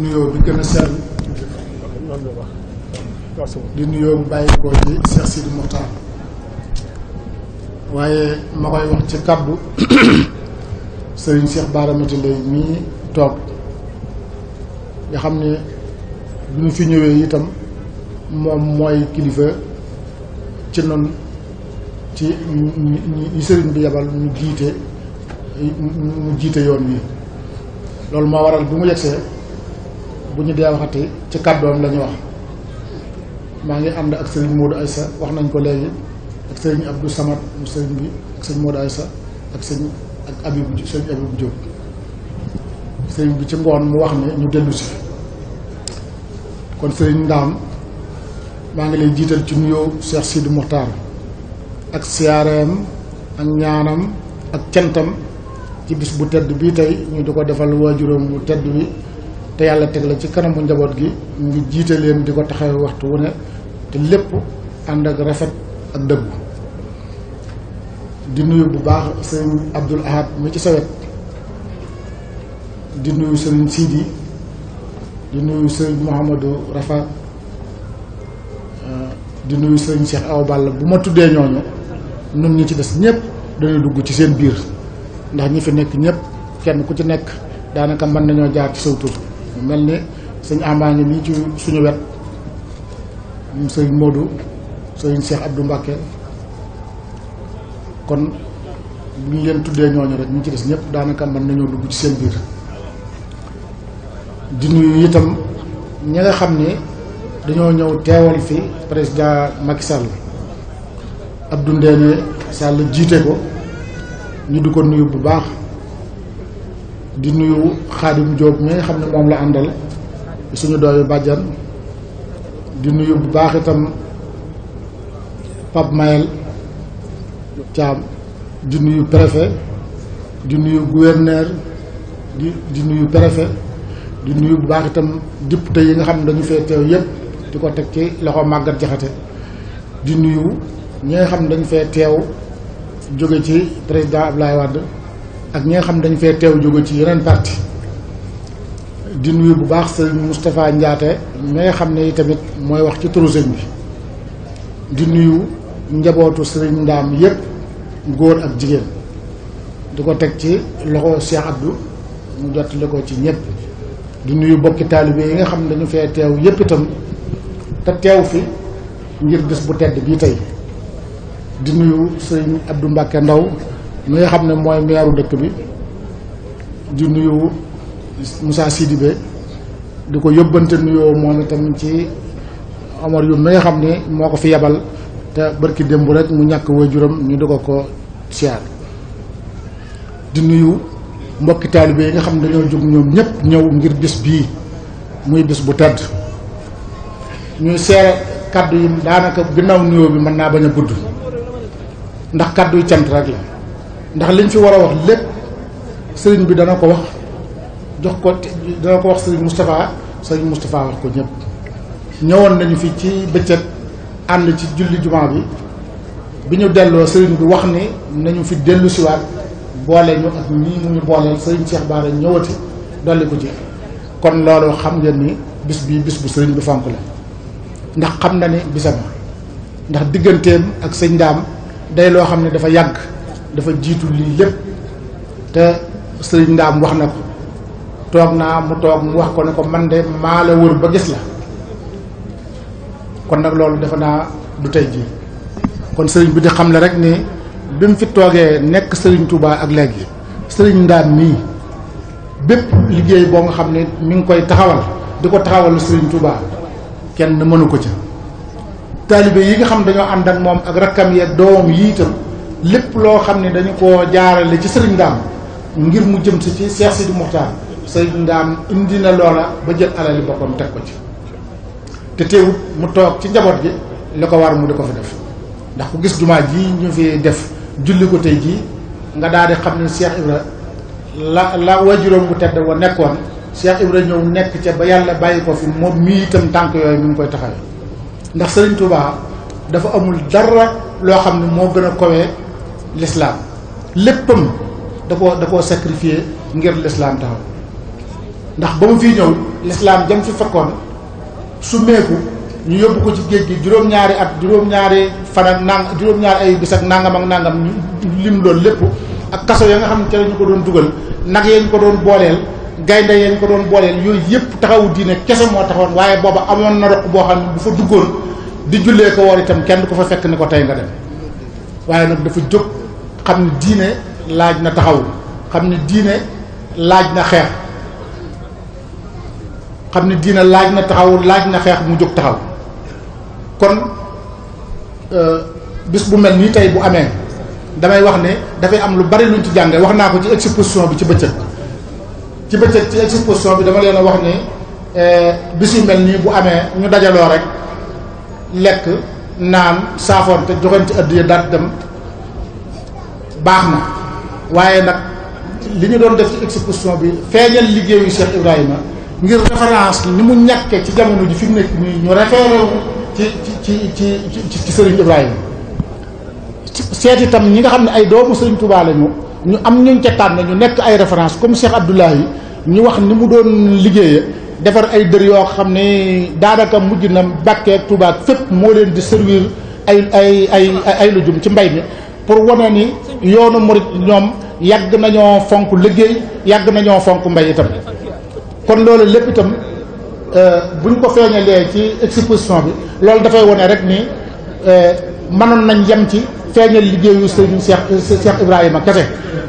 nuyoo bi gën a sell. di nuyoo bàyyi ko ci Cheikh Sidi Mokhtar. waaye ma koy wax ci kaddu sëriñ Cheikh Bara Mati Lay mii toog nga xam ne bi ñu fi ñëwee itam moom mooy kilifa ci noonu ci ñi sëriñ bi yebal ñu jiite mu jiite yoon wi loolu moo waral bu mu yegsee bu ñu dee waxati ci kàddoom la wax maa ngi ànd ak sëriñ Modou Aïssa wax nañ ko léegi sëñ Abdou Samad mu sëñ bi ak sëñ Modou Aïssa ak sëñ ak Abib sëñ sëñ bi ci ngoon mu wax ne ñu dellu si kon sëñ Ndaam maa ngi lay jiital ci nuyoo Cheikh Sidi Mokhtar ak siyaareem ak ñaanam ak cantam ci bis bu tedd bii tey ñu di ko defal waajuram bu tedd bi te yàlla teg la ci kanamu njaboot gi ngi jiite leen di ko taxawee waxtu wu ne te lépp ànd ak rafet ak dëggu di nuyu bu baax sëriñ Abdul Ahad mi ci sawet di nuyu sëriñ Sidi di nuyu sëriñ Mouhamadou Rafa ah, di nuyu sëriñ seex aw bàll bu ma tuddee ñooñu nun ñi ci des ñëpp dañuy dugg ci seen biir ndax ñi fi nekk ñépp kenn ku ci nekk daanaka mën nañoo jaar ci saw tur mu mel ni sëñ Amaa ngi nii ci suñu wet sëriñ Modou sëriñ Cheikh Abdou Mbacké kon bu ñu leen tuddee ñooñu rek ñu ci des ñëpp daanaka mën nañoo dugg ci seen biir di nuyu itam ñi nga xam ni dañoo ñëw teewal fi président Macky Sall Abdou Ndéné Sall jiite ko ñu di ko nuyu bu baax di nuyu Xaadim Diop mi xam ne moom la àndal suñu dooyu bàjjan di nuyu bu baax itam Pape Mayel Thiam di nuyu préfet di nuyu gouverneur di di nuyu préfet di nuyu bu baax itam député yi nga xam ne dañu fee teew yëpp di ko teg ci loxo màggat jaxate di nuyu ñi nga xam ne dañu fee teew jóge ci président Abdoulaye Wade ak ñi nga xam ne dañu fee teew jóge ci yeneen parti di nuyu bu baax sëñ Moustapha njaate mi nga xam ne tamit mooy wax ci turu bi di nuyu njabootu Serigne Ndaam yépp góor ak jigéen di ko teg ci loxo Cheikh Abdou mu jottali ko ci ñëpp di nuyu bokki taalibe yi nga xam ne dañu fee teew yépp itam te teew fi ngir bés bu tedd bii tey di nuyu Serigne Abdou Mbacke Ndaw mi nga xam ne mooy meeru dëkk bi di nuyu musaa Sidibé di ko yóbbante nuyoo moom itam ci Omar yu mi xam ne moo ko fi yebal te barki démb rek mu ñàkk waajuram ñu dogo ko siyaar di nuyu mbokki taalibe yi nga xam ne dañoo jóg ñoom ñëpp ñëw ngir bis bii muy bis bu tedd ñuy seere kàddu yi daanaka ginnaaw nuyoo bi mën naa bañ a gudd ndax kàddu yi cant rek la ndax liñ fi war a wax lépp sëriñ bi dana ko wax jox ko dana ko wax sëriñ Moustapha sëriñ Moustapha wax ko ñëpp ñëwoon nañu fi ci bëccëg ànd ci julli jumaa bi bi ñu delloo sëriñ bi wax ni nañu fi dellu siwaat boole ñu ak ñii mu ñu booleel sëriñ Cheikh Bara ñëwati dolli ko ci kon loolu xam ngeen ni bis bii bis bu sëriñ bi fonk la ndax xam na ni bisam ndax digganteem ak sëñ ndaam day loo xam ne dafa yàgg dafa jiitu lii lépp te sëriñ ndaam wax na ko toog naa mu toog mu wax ko ne ko man de maa la wër ba gis la kon nag loolu defe naa du tey jii kon sëriñ bi di xam le rek ni bi mu fi toogee nekk sëriñ Touba ak léegi sëriñ Ndaan nii bépp liggéey boo nga xam ne mi ngi koy taxawal di ko taxawalu sëriñ Touba kenn mënu ko ca taalibe yi nga xam dañoo ànd ak moom ak rakkam yeeg doomam yi itam lépp loo xam ne dañu koo jaarale ci sëriñ ndaam ngir mu jëm si ci Cheikh Sidi Moukhtar sëriñ Ndaan indi na loola ba jël alali boppam teg ko ci te teewut mu toog ci njaboot gi li ko war mu di ko fi def ndax ku gis jumaa ji ñu fi def julli ko tey jii nga daal di xam ne Cheikh Ibra la la waajuram bu tedd wa nekkoon Cheikh Ibra ñëw nekk ca ba yàlla bàyyi ko fi moom mii itam tànk yooyu mu ngi koy taxawee ndax Sëriñ Tuubaa dafa amul dara loo xam ne moo gën a kowee lislaam léppam da koo da koo ngir lislaam taxaw ndax ba mu fiy ñëw lislaam jëm fi fekkoon summeeku ñu yóbbu ko ci géej gi juróom-ñaari at juróom-ñaari fan ak nang juróom-ñaari ay bis ak nangam ak nangam lim loolu lépp ak kaso ya nga xam ne ca lañu ko doon dugal nag yañ ko doon booleel gaynde yañ ko doon booleel yooyu yëpp taxawu diine kese moo taxoon waaye booba amoon na roq boo xam ne bu fa duggoon di jullee ko woor itam kenn du ko fa fekk ni ko tey nga dem waaye nag dafa jóg xam ne diine laaj na taxaw xam ne diine laaj na xeex xam ne diina laaj na taxaw laaj na xeex mu jóg taxaw kon euh, bis bu mel nii tey bu amee damay wax ne dafay am lu bari luñ ci jànge wax naa ko ci exposition bi ci bëccëg ci bëccëg ci exposition bi dama leen a wax ni euh, bis yu mel nii bu amee ñu dajaloo rek lekk naan ci joxante addiya daat dem baax na waaye nag li ñu doon def ci exposition bi feeñal liggéeyu Cheikh Ibrahima ngir référence ni mu ñàkkee ci jamono ji fi mu nekk nii ñu référé ci ci ci ci ci Serigne Ibrahima seet itam ñi nga xam ne ay doomu Serigne Touba lañu ñu am ñuñ ca tànn ñu nekk ay référence comme Cheikh Abdoulaye ñu wax ni mu doon liggéeye defar ay dër yoo xam ne daanaka mujj na Mbàkke ak Touba fépp moo leen di servir ay ay ay ay lu ci mbay mi pour wane ni yoonu murit ñoom yàgg nañoo fonk liggéey yàgg nañoo fonk mbay itam kon loolu lépp itam euh, buñ ko feeñalee ci exposition bi loolu dafay wone rek ni euh, mënoon nañ yem ci feeñal liggéeyu sëriñ Cheikh Cheikh Ibrahima kese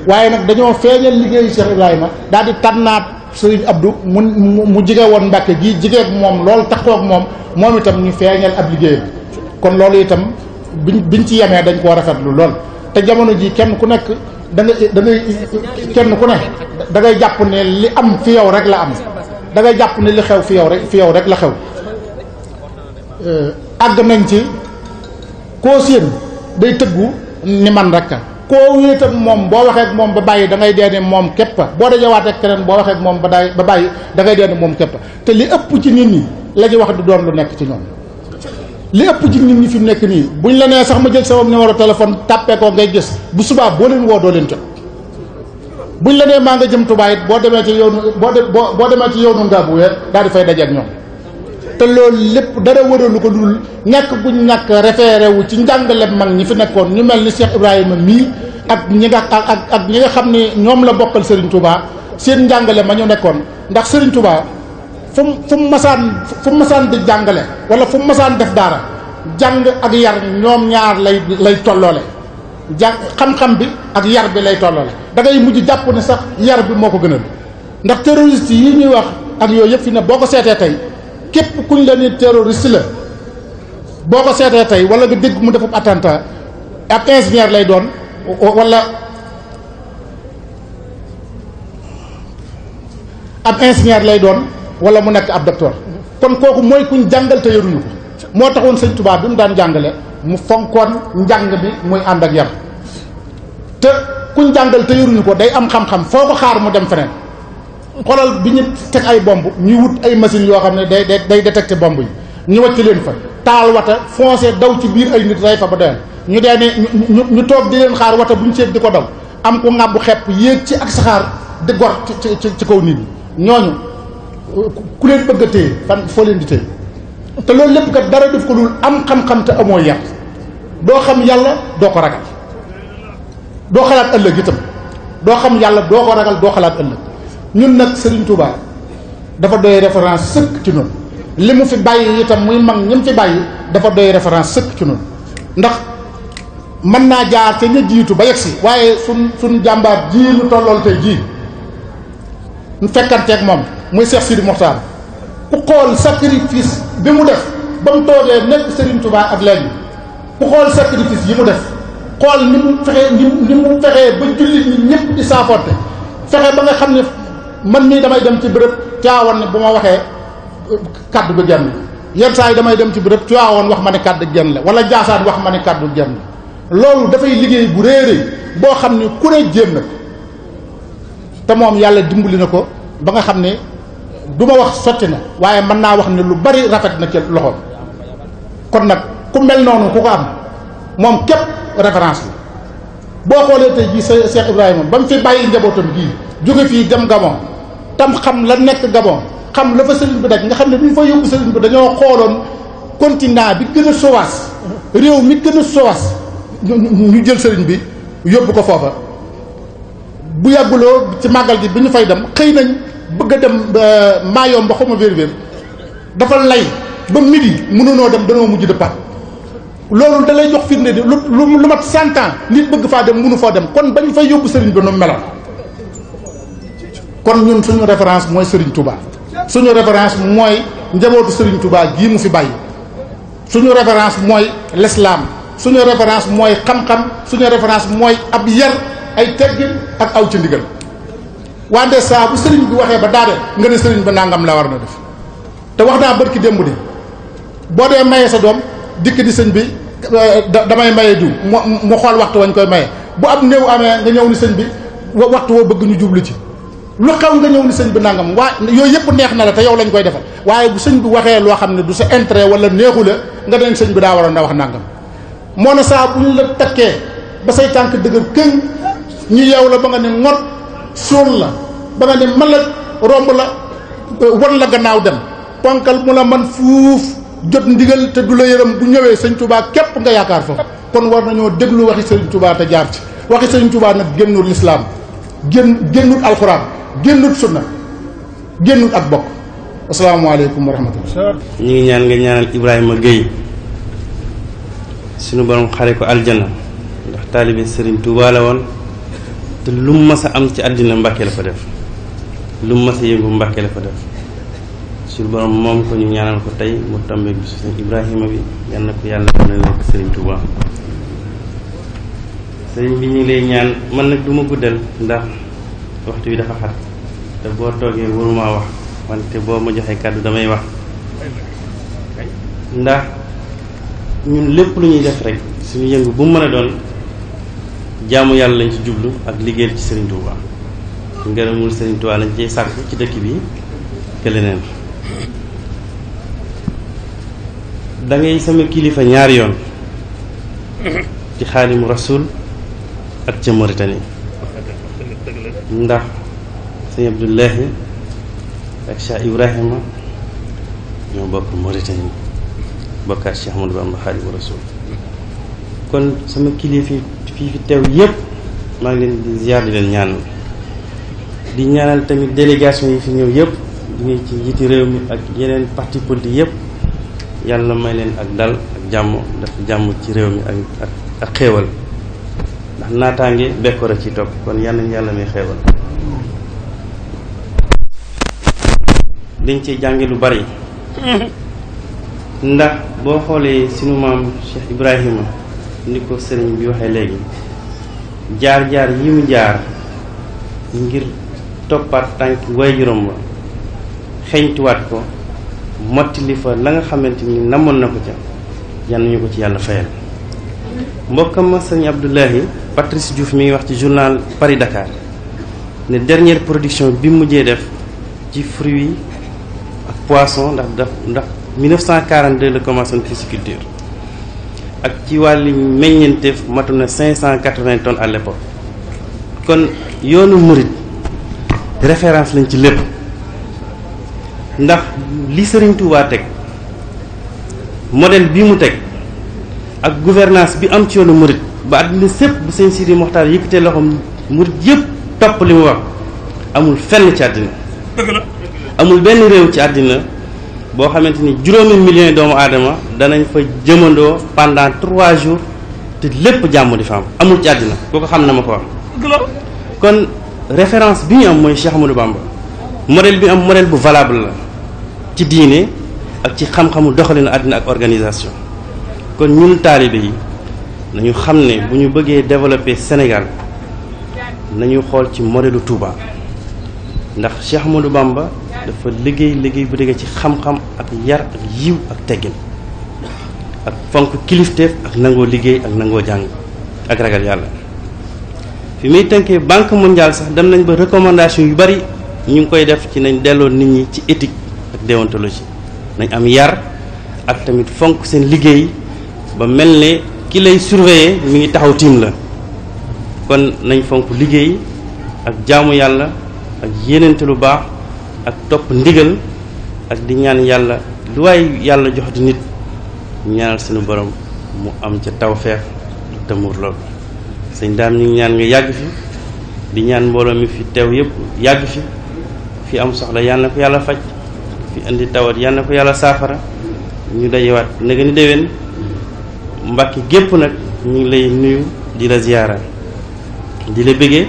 waaye nag dañoo feeñal liggéeyu Cheikh Ibrahima daal di tànnaat sëriñ Abdou mu mu jige woon Mbàkke gi jigéeg moom lool tax kook moom moom itam ñu feeñal ab liggéeyam kon loolu itam biñ biñ ci yemee dañ koo rafetlu lool te jamono ji kenn ku nekk da ngay da ngay kenn ku ne dangay ngay jàpp ne li am fi yow rek la am da ngay jàpp ne li xew fi yow rek fi yow rek la xew euh, àgg nañ ci koo séen day tëggu ni man rek koo wéet ak moom boo waxee ak moom ba bàyyi da ngay dee ne moom képp boo dajawaat ak keneen boo waxee ak moom ba day ba bàyyi da ngay dee ne moom képp te li ëpp ci nit ñi la ñu wax du doon lu nekk ci ñoom. li ëpp ci nit ñi fi mu nekk nii buñ la nee sax ma jël sama numéro téléphone tàppee ko ngay gis bu subaa boo leen woo doo leen jot buñ la nee maa nga jëm Tuubaa it boo demee ci yow boo de boo demee ci yow nga bu weer daal di fay dajeeg ñoom te loolu lépp dara wëralu ko dul ñàkk buñ ñàkk référé wu ci njàngale mag ñi fi nekkoon ñu mel ni Cheikh Ibrahima mii ak ñi nga ak ak ñi xam ni ñoom la bokkal Serigne tubaa seen njàngale ma ñu nekkoon ndax Serigne Touba. fu mu fu mu masaan fu masaan di jàngale wala fu mu masaan def daara jàng ak yar ñoom ñaar lay lay tolloole jàng xam-xam bi ak yar bi lay tolloole da mujj jàpp ne sax yar bi moo ko gënal ndax terroriste yi ñuy wax ak yooyu yëpp fi ne boo ko seetee tey képp kuñ la ni terroriste la boo ko seetee tey wala nga dégg mu def attentat ab ingénieur lay doon wala ab ingénieur lay doon wala mu nekk ab docteur kon kooku mooy kuñ jàngal te yaruñu ko moo taxoon sëñ Tuubaa bi mu daan jàngale mu fonkoon njàng bi muy ànd ak yar te kuñ jàngal te ko day am xam-xam foo ko xaar mu dem feneen xoolal bi ñu teg ay bomb ñuy wut ay machines yoo xam ne day day day détecté bomb yi ñu wàcc leen fa taal wata foncé daw ci biir ay nit rey fa ba doyal ñu dee ne ñu ñu toog di leen xaar wata buñ ceeb di ko daw am ko ŋàbbu xepp yéeg ci ak saxaar di gor ci ci kaw nit ñi ku leen bëgg a téye fan foo leen di téye te loolu lépp kat dara def ko dul am xam-xam te amoo yar doo xam yàlla doo ko ragal doo xalaat ëllëg itam doo xam yàlla doo ko ragal doo xalaat ëllëg ñun nag Serigne Touba dafa doy référence sëkk ci noonu li mu fi bàyyi itam muy mag ñi mu fi bàyyi dafa doy référence sëkk ci noonu ndax mën naa jaar te ñu jiitu ba yegsi waaye suñ suñ jàmbaar jii lu tollool te jii ñu fekkanteeg moom muy Cheikh Sidi Mokhtar ku xool sacrifice bi mu def ba mu toogee nekk Serigne Touba ak léegi ku xool sacrifice yi mu def xool ni mu fexee ni mu fexee ba jullit ñi ñëpp di saafoonte fexe ba nga xam ne man mii damay dem ci bërëb caawoon ne bu ma waxee kaddu gu genn yenn saa yi damay dem ci bërëb wax ma ne kàdd genn la wala jaasaan wax ma ne kaddu genn loolu dafay liggéey bu réeré boo xam ne ku ne jéem na ko moom yàlla dimbali na ko ba nga xam ne du ma wax sotti na waaye mën naa wax ne lu bari rafet na ci loxoom kon nag ku mel noonu ku ko am moom képp référence la boo xoolee tey jii sa Cheikh Ibrahima ba mu fi bàyyi njabootam gii jóge fii dem Gabon tam xam la nekk Gabon xam la fa sëriñ bi daj nga xam ne bi ñu fa yóbbu sëriñ bi dañoo xooloon continent bi gën a réew mi gën a sowaas ñu jël sëriñ bi yóbbu ko foofa bu yàgguloo ci màggal gi bi ñu fay dem xëy nañ bëgg a dem maayom ba xaw ma wér-wér dafa lay ba midi mënunoo dem danoo mujj dëppaat loolu da lay jox firnde di lu lu lu mat cent ans nit bëgg faa dem mënu foo dem kon bañ fay yóbbu sëriñ bi noonu meloon kon ñun suñu référence mooy sëriñ Touba suñu référence mooy njabootu sëriñ Touba gii mu fi bàyyi suñu référence mooy l'islam suñu référence mooy xam-xam suñu référence mooy ab yar ay teggin ak aw ci ndigal wante saa bu sëriñ bi waxee ba daaneel nga ne sëriñ ba nangam laa war na def te wax naa bët ki démb de boo dee maye sa doom dikk di sëñ bi eh, damay maye diw mu mu xool waxtu wañ koy maye bu ab néew amee nga ñëw ni sëñ bi waxtu woo bëgg ñu jublu ci lu xew nga ñëw ni sëñ bi nangam waa yooyu yëpp neex na la te yow lañu koy defal waaye bu sëñ bi waxee loo xam ne du sa intérêt wala neexu la nga dañ sëñ bi daa war a na wax nangam moo ne saa bu ñu ba say tànk dëgër këñ ñu yeew la ba nga ne suul la ba nga ne man la romb la euh, wan la gannaaw dem ponkal mu la man fuuf jot ndigal te du la yërëm bu ñëwee sëñ Touba képp nga yaakaar fa kon war nañoo déglu waxi sëñ Touba te jaar ci waxi sëñ Touba nag génnul lislaam génn génnut alxuraan génnut sunna génnut ak bokk asalaamaaleykum wa rahmatullah ñu ngi ñaan nga ñaanal Ibrahima Gueye suñu borom xare ko aljana ndax taalibe sëriñ Touba la woon te lu mu mas a am ci àddina mbàkke la ko def lu mu mas a yëngu mbàkke la ko def suñu borom moom ko ñu ñaanal ko tey mu tàmbee bisu sëñ Ibrahima bi yal na ko yàlla na nekk sëriñ Touba sëriñ bi ñu ngi lay ñaan man nag duma ma guddal ndax waxtu bi dafa xat te boo toogee warumaa wax wante boo ma joxee kàddu damay wax ndax ñun lépp lu ñuy def rek suñu yëngu bu mu mën a doon jaamu yàlla lañ ci jublu ak liggéeyal ci Serigne Touba ngërëmul Serigne Touba lañ ciy sàkku ci dëkk bi ke leneen da sama kilifa ñaar yoon ci xaadimu rasul ak ca Mauritanie ndax sëñ Abdullahi ak Cheikh Ibrahima ñoo bokk Mauritanie bokkaat Cheikh Ahmadou Bamba xaadimu rasul kon sama kilifa fii fi teew yépp maa ngi leen di di leen ñaanal di ñaanal tamit délégation yi fi ñëw yépp ñu ci njiiti réew mi ak yeneen parti politique yépp yàlla may leen ak dal ak jàmm def jàmm ci réew mi ak ak xéewal ndax naataange bekkoor a ci topp kon yal nañu yàlla may xéewal dañ jànge lu bari ndax boo xoolee sunu maam Cheikh Ibrahima ni ko sëriñ bi waxee léegi jaar-jaar yi mu jaar ngir toppaat tànk waajuram wa xeñtuwaat ko mottali fa la nga xamante ni namoon na ko ca yan nañu ko ci yàlla fayal mbokkam ma sëriñ Abdoulahi Patrice Diouf mi ngi wax ci journal Paris Dakar ne dernière production bi mujjee def ci fruits ak poisson ndax daf ndax 1942 la commencé woon pisciculture ak ci wàllu meññeenteef matu na cinq cent quatre-vingts à l'époque kon yoonu murit référence lañ ci lépp ndax li Serigne Touba teg modèle bi mu teg ak gouvernance bi am ci yoonu murit ba àddina sépp bu sëñ Sidi Moxtaar yëkkatee loxoom murit yëpp topp li mu wax amul fenn ci àddina amul benn réew ci àddina boo xamante ni juróomi millions doomu aadama danañ fa jëmandoo pendant trois jours te lépp jàmm di fa am amul ci àddina kooku xam na ma ko wax kon référence bi ñu am mooy Cheikh Amadou Bamba modèle bi am modèle bu valable la ci diine ak ci xam-xamu doxalinu àddina ak organisation kon ñun taalibe yi nañu xam ne bu ñu bëggee développer Sénégal nañu xool ci modèle Touba ndax Cheikh Ahmadou Bamba dafa liggéey liggéey bu dëgg ci xam-xam ak yar ak yiw ak teggin ak fonk kilifteef ak nangoo liggéey ak nangoo jàng ak ragal yàlla fi muy tënkee banque mondiale sax dem nañ ba recommandation yu bari ñu ngi koy def ci nañ delloo nit ñi ci éthique ak déontologie nañ am yar ak tamit fonk seen liggéey ba mel ne ki lay surveiller mi ngi taxaw tiim la kon nañ fonk liggéey ak jaamu yàlla ak yéenante lu baax ak topp ndigal ak di ñaan yàlla lu waay yàlla jox di nit ñaanal sunu borom mu am ca tawfeex te muur sëñ daam ñu ngi ñaan nga yàgg fi di ñaan mbooloo mi fi teew yëpp yàgg fi fi am soxla yal na ko yàlla faj fi indi tawat yal ko yàlla saafara ñu dajewaat nega ni déwén mbàkki gépp nag ñu ngi lay nuyu di la ziyaara di la bëggee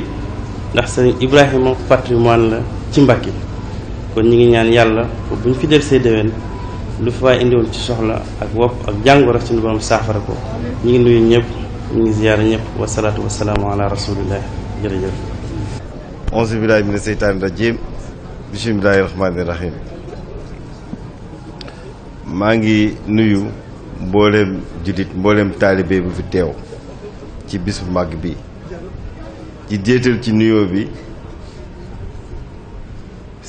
ndax sëriñ Ibrahima patrimoine la ci Mbàkke kon ñu ngi ñaan yàlla bu ñu fi del see déwén lu fa waay indiwoon ci soxla ak wopp ak jàngoro suñu borom saafara ko ñu ngi nuyu ñëpp ñu ngi ziyaara ñëpp wasalaatu wasalaamu ala rasulillah jërëjëf onze billahi mina seytaani rajim bismillahi rahmaani rahim maa ngi nuyu mbooleem jullit mbooleem taalibe bu fi teew ci bisu bu bi ci déetal ci nuyoo bi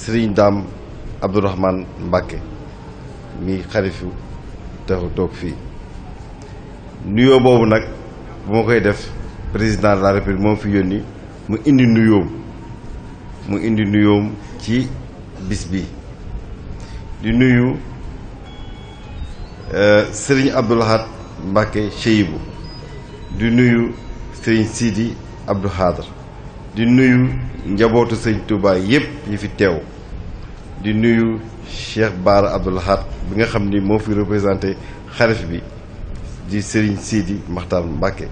sëriñ daam abdourahman mbàkke mi xarifu taxu toog fii nuyoo boobu nag bu ma koy def président de la république moom fi yónni mu indi nuyoom mu indi nuyoom ci bis bi di nuyu euh, sëriñ abdoulahat mbàkke cheyibu di nuyu sëriñ siidi Abdou Khadr di nuyu njabootu sëñ Touba yëpp ñi fi teew di nuyu Cheikh Baara Abdoul Ahad bi nga xam ni moo fi représenté xalif bi di sëriñ Sidi Makhtar Mbacke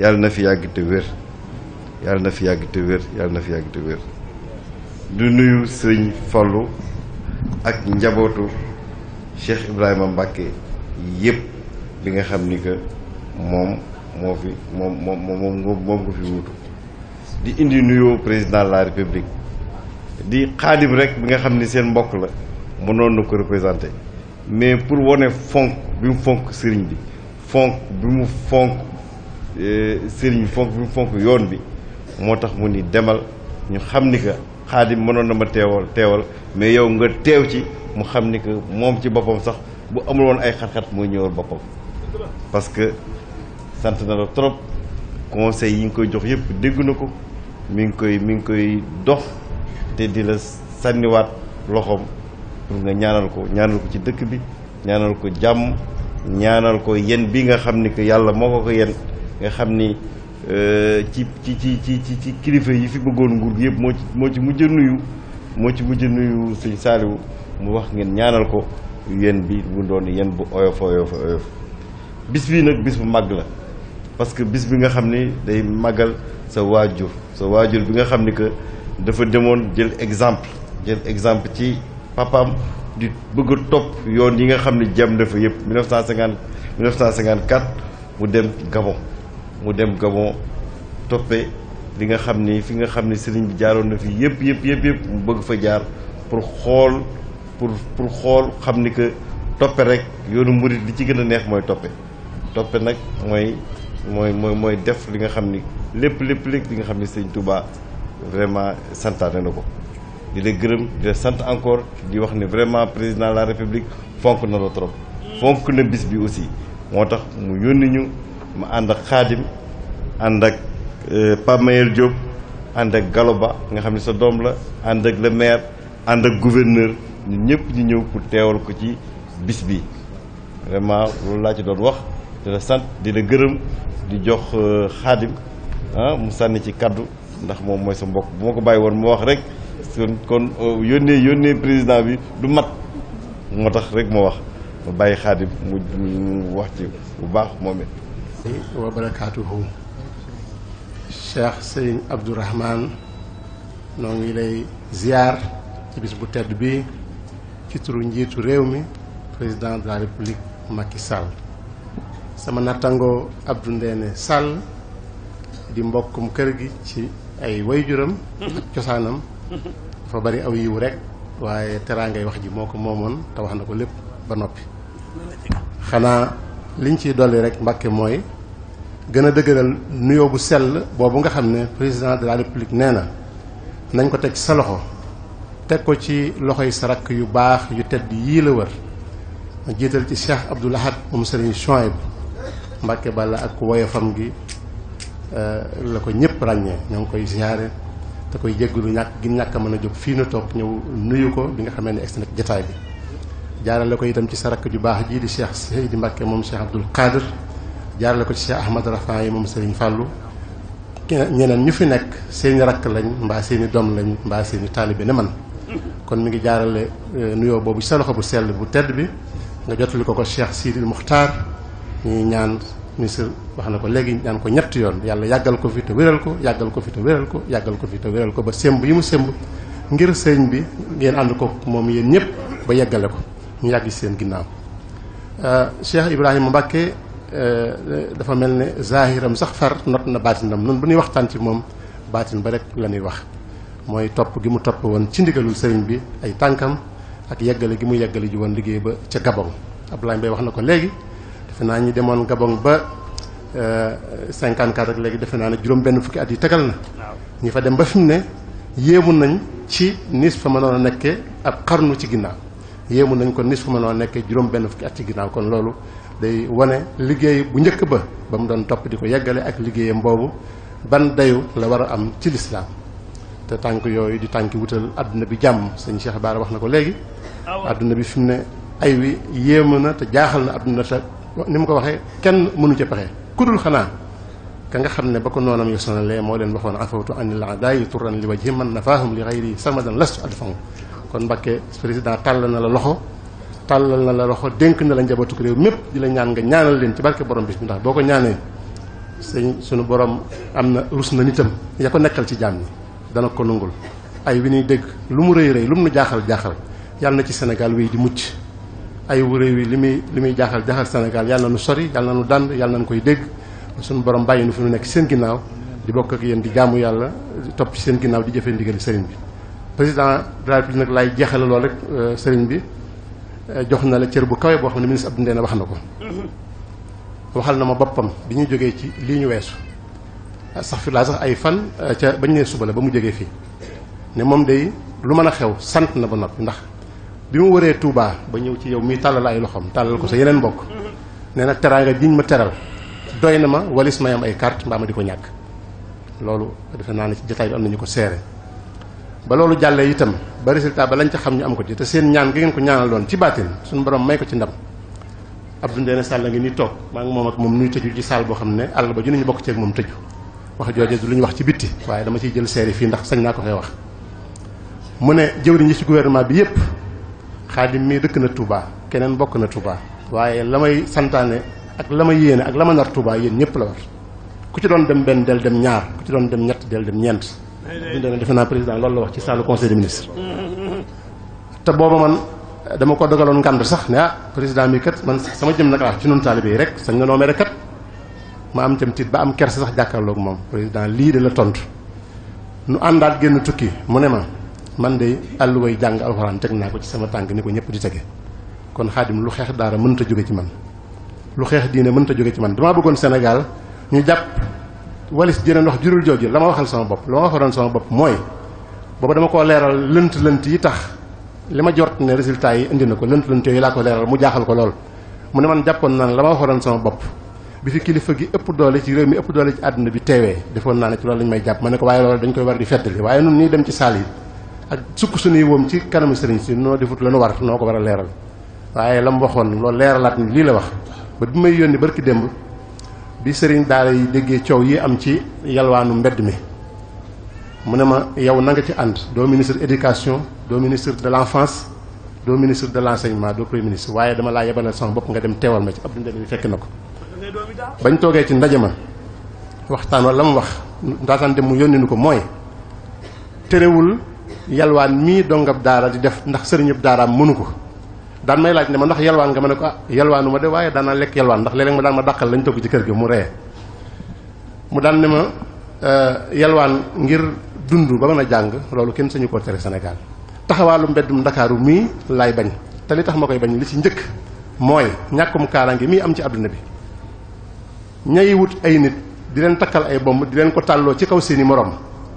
yàlla na fi yàgg te wér yàlla na fi yàgg te wér na fi yàgg di nuyu sëriñ Fallou ak njabootu Cheikh Ibrahima Mbacke yëpp bi nga xam ni que moom. moo fi moom moom moom moom ko fi wuutu di indi nuyoo président la république di xaadim rek bi nga xam ni seen mbokk la mënoon na ko représenté mais pour wone fonk bi mu fonk sëriñ bi fonk bi mu fonk euh, sëriñ bi fonk bi mu fonk yoon bi moo tax mu ni demal ñu xam ni que xaadim mënoon na ma teewal teewal mais yow nga teew ci mu xam ni que moom ci boppam sax bu amul woon ay xat-xat mooy ñëwal boppam parce sant na la trop conseil yi nga koy jox yëpp dégg na ko mi ngi koy mi ngi koy dox te di la sànniwaat loxoom pour nga ñaanal ko ñaanal ko ci dëkk bi ñaanal ko jàmm ñaanal ko yen bi nga xam ni que yàlla moo ko ko nga xam ni euh, ci ci ci ci ci ci kilifa yi fi bëggoon nguur yëpp moo moo ci mujj nuyu moo ci mujj nuyu sëñ Saaliwu mu wax ngeen ñaanal ko yen bi mu doon yen bu oyof oyof oyof bis bii nag bis bu mag la parce que bis bi nga xam ni day màggal sa waajur sa waajur bi nga xam ni que dafa demoon jël exemple jël exemple ci papam di bëgg a topp yoon yi nga xam ni jëm dafa yëpp 1950 1954 mu dem Gabon mu dem Gabon toppee li nga xam ni fi nga xam ni sëriñ bi jaaroon na fi yëpp yëpp yëpp yëpp mu bëgg fa jaar pour xool pour pour xool xam ni que toppe rek yoonu murit li ci gën a neex mooy toppe toppe nag mooy mooy mooy mooy def li nga xam ni lépp lépp lépp li nga xam ni sëñ Touba vraiment santaane na ko di la gërëm di la sant encore di wax ni vraiment président la république fonk na la trop fonk na bis bi aussi moo tax mu yónni ñu mu ànd ak xaadim ànd ak euh, Pape Mayel Diop ànd ak Galoba nga xam ne sa doom la ànd ak le ànd ak gouverneur ñun ñëpp ñu ñëw pour teewal ko ci bis bi vraiment loolu laa ci doon wax di sant dina gërëm di jox euh, xaadim ah mu sànni ci kaddu ndax moom mooy sa mbokk bu ma ko bàyyi woon moo wax rek kon kon euh, yónnee yónnee président bi du mat moo tax rek moo wax ma bàyyi xaadim mu mu wax ci bu baax moom it wa barakaatuhu Cheikh Sëriñ Abdourahman noo ngi lay ziar ci bis bu tedd bi ci njiitu réew mi président de la république Macky Sall sama nattangoo Abdou Ndéné sàll di mbokkum kër gi ci ay wayjuram ak cosaanam dafa bari aw yiw rek waaye teraangay wax ji moo ko moomoon te wax na ko lépp ba noppi xanaa liñ ciy dolli rek mbakke mooy gën a dëgëral nuyo bu sell boobu nga xam ne président de la république nee na nañ ko teg sa loxo teg ko ci loxoy sa rakk yu baax yu tedd yii la wër ma jiital ci Cheikh Abdoul Ahad moom Serigne Chouaib Mbàkke Balla ak woyofam gi euh, la ko ñëpp ràññee ñoo ngi koy ziare te koy jéggulu ñàkk gi ñàkk a mën a jóg fii na toog ñëw nuyu ko bi nga xamee ne egsi nag jataay bi jaarale ko itam ci sa rakk ju baax jii di Cheikh Seydi Mbàkke moom Cheikh Abdoul Qadir jaarale ko ci Cheikh Ahmad Rafa yi moom Serigne Fàllu ñeneen ñu fi nekk seeni rakk lañ mbaa seeni doom lañ mbaa seeni taalibe ne man kon mu ngi jaarale euh, nuyoo boobu sa loxo bu sell bu tedd bi nga jottali ko ko Cheikh Sidil Muxtaar ñuy ñaan ministre wax na ko léegi ñaan ko ñetti yoon yàlla yàggal ko fi te wéral ko yàggal ko fi te wéral ko yàggal ko fi te wéral ko ba semb yi mu semb ngir sëñ bi ngeen ànd ko moom yéen ñëpp ba yeggale ko ñu yàgg ci seen ginnaaw euh, Cheikh Ibrahima Mbacke euh, dafa mel ne zahiram sax far not na baatinam noonu bu ñuy waxtaan ci moom baatin ba rek la ñuy wax mooy topp gi mu topp woon ci ndigalul sëriñ bi ay tànkam ak yeggale gi mu yeggale ji woon liggéey ba ca Gabon wax na ko léegi defe naa ñu demoon Gabon ba 54 euh, ak léegi defe naa ne juróom benn fukki at yi tegal na ñi fa dem ba fi mu ne yéemu nañ ci nis fa mënoon a nekkee ab xarnu ci ginnaaw yéemu nañ ko niis fa mënoon a nekkee juróom benn fukki at ci ginnaaw kon loolu day wane liggéey bu njëkk ba ba mu doon topp di ko yeggale ak liggéeyam boobu ban dayu la war a am ci lislaam te tànk yooyu di tànki wutal àdduna bi jàmm sëñ Cheikh Bara wax na ko léegi ah, àdduna bi fi mu ne ay wi yéema na te jaaxal na àdduna te ni mu ko waxee kenn mënu ca pexe kudul xanaa ka nga xam ne ba ko noonam yu sonalee moo leen waxoon afawtu anil adayi turan li wajhi man nafaahum li xayri samadan lastu adfan kon Mbàkke président tàllal na la loxo tàllal na la loxo dénk na la njabootu réew mépp di la ñaan nga ñaanal leen ci barke borom bi bi ndax boo ko ñaanee sëñ suñu borom am na rus na nitam ya ko nekkal ci jaam ñi dana ko nungul ay wi ñuy dégg lu mu rëy rëy lu mu jaaxal jaaxal yàlla na ci Sénégal wéy di mucc ay réew yi li muy li muy jaaxal jaaxal Sénégal yàlla na nu sori yàlla na nu dànd yàlla na koy dégg suñu borom bàyyi nu fi nu nekk seen ginnaaw di bokk ak yéen di jaamu yàlla topp ci seen ginnaaw di jëfee ndigal sëriñ bi président de la République nag laay jeexale lool rek euh, sëriñ bi euh, jox na la cër bu kawe boo xam ne ministre Abdou Ndéné wax na ko waxal na ma boppam bi ñu jógee ci lii ñu weesu sax fi laa sax ay fan euh, ca bañ ne suba la ba mu jógee fii ne moom day lu mën a xew sant na ba noppi ndax bi mu waree Touba ba ñëw ci yow muy tàllal ay loxoom tàllal ko sa yeneen mbokk nee na teraanga jiñ ma teral doy na ma walis may am ay kart mbaa ma di ko ñàkk loolu defe naa ne ci jotaay bi am ñu ko seere ba loolu jàllee itam ba résultat ba lañ ca xam ñu am ko ci te seen ñaan gi ngeen ko ñaanal doon ci baatin suñu borom may ko ci ndam Abdou Ndéné Sall ngi nii toog maa ngi moom ak moom nuy tëju ci saal boo xam ne àll ba ju ñu bokk ceeg moom tëju wax jooje lu ñu wax ci bitti waaye dama ciy jël seere fii ndax sañ naa ko fay wax ne jëwriñ yi ci bi yépp xaadim mii dëkk na Touba keneen bokk na Touba waaye la may santaane ak la ma yéene ak la ma nar Touba yéen ñëpp la war ku ci doon dem benn del dem ñaar ku ci doon dem ñett del dem ñeent. dundee na defe naa président loolu la wax ci saalu conseil des ministres. te booba man dama ko dogaloon ngànd sax ne ah président mi kat man sama jëm nag ah ci noonu taalibe yi rek sañ nga noomee rek kat ma am jëm tiit ba am kersa sax jàkkaarloog moom président lii de la tontu nu àndaat génn tukki mu ne ma. man de àll àlluway jàng alxuraan teg naa ko ci sama tànk ni ko ñëpp di tege kon xaadim lu xeex daara mënta jóge ci man lu xeex diine mënta jóge ci man damaa bëggoon Sénégal ñu jàpp walis jëneen ndox jurul jooju la ma waxal sama bopp la ma waxaloon bopp mooy booba dama ko leeral lënt lënt yi tax li ma jort ne résultat yi indi na ko lënt lënt mu jaaxal ko lool mu ne man la ma waxoon bopp bi fi kilifa gi ëpp doole ci réew mi ëpp doole ci loolu waaye loolu dañ koy war di fettali waaye nun nii dem ci saal yi ak sukk suñuy woom ci kanamu sëriñ si noo defut la nu war noo ko war a leeral waaye la mu waxoon loolu leeralaat lii la wax ba bi may yónni barki démb bi sëriñ daal yi déggee coow yi am ci yalwaanu mbedd mi mu ne ma yow na nga ci ànd doo ministre éducation doo ministre de l'enfance doo ministre de l'enseignement doo premier ministre waaye dama laa yebalal sama bopp nga dem teewal ma ci ab dundal fekk na ko bañ toogee ci ndaje ma waxtaan wala la mu wax ndaataan mu yónni nu ko mooy terewul yalwaan mii dongab daara di def ndax sëriñëb daaraam mënu ko daan may laaj ne ma ndax yalwaan nga ma ne ko ah yalwaanu ma de waaye daanaa lekk yalwaan ndax léeg-léeg ma daan ma dàqal lañ togg ci kër gi mu ree mu daan ne ma euh, yalwaan ngir dund ba mën a jàng loolu kenn sañu ko tere Sénégal taxawaalu mbeddum ndakaaru mii laay bañ te li tax ma koy bañ li ci njëkk mooy ñàkkum gi mii am ci àdduna bi ñay wut ay nit di leen takkal ay bomb di leen ko tàlloo ci kaw seeni morom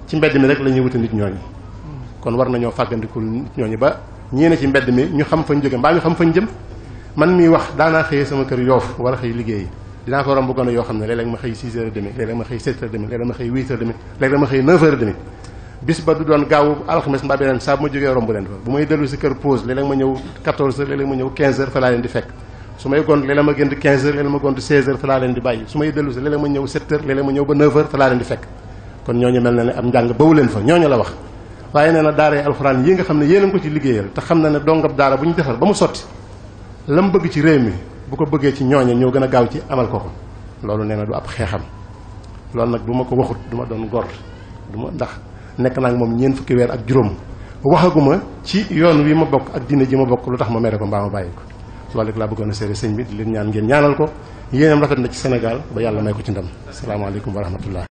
ci mbedd mi rek la ñuy wuti nit ñooñu kon war nañoo fàggandikul ñooñu ba ñii na ci mbedd mi ñu xam fañ ñu jëm man miy wax daanaa xëyee sama kër yoof war a xëy liggéeyi dinaa ko romb gone yoo xam ne léeg ma xëy 6 heures demi léeg ma xëy 7 heures demi bis ba du doon gaawu alxames mbaa beneen saa bu ma jógee romb leen fa bu may dellu kër pause léeg ma ñëw 14 heures léeg ma ñëw 15 heures fa laa leen di fekk su may gont léeg ma génn 15 heures fa laa leen di bàyyi na ne am njàng bawu leen waaye nee na daara alxuraan yi nga xam ne yéen a ngi ko ci liggéeyal te xam na ne dongab daara bu ñu defar ba mu sotti lam bëgg ci réew mi bu ko bëggee ci ñooña ñoo gën a gaaw ci amal ko ko loolu nee na du ab xeexam loolu nag bu ma ko waxut du ma doon gor du ma ndax nekk naa ak moom ñeen fukki weer ak juróom waxaguma ci yoon wi ma bokk ak diine ji ma bokk lu tax ma mere ko mbaa ma bàyyi ko loolu rek laa bëggoon a seere sëñ bi di leen ñaan ngeen ñaanal ko yéenam rafet na ci Sénégal ba yàlla may ci ndam asalaamaaleykum wa rahmatullah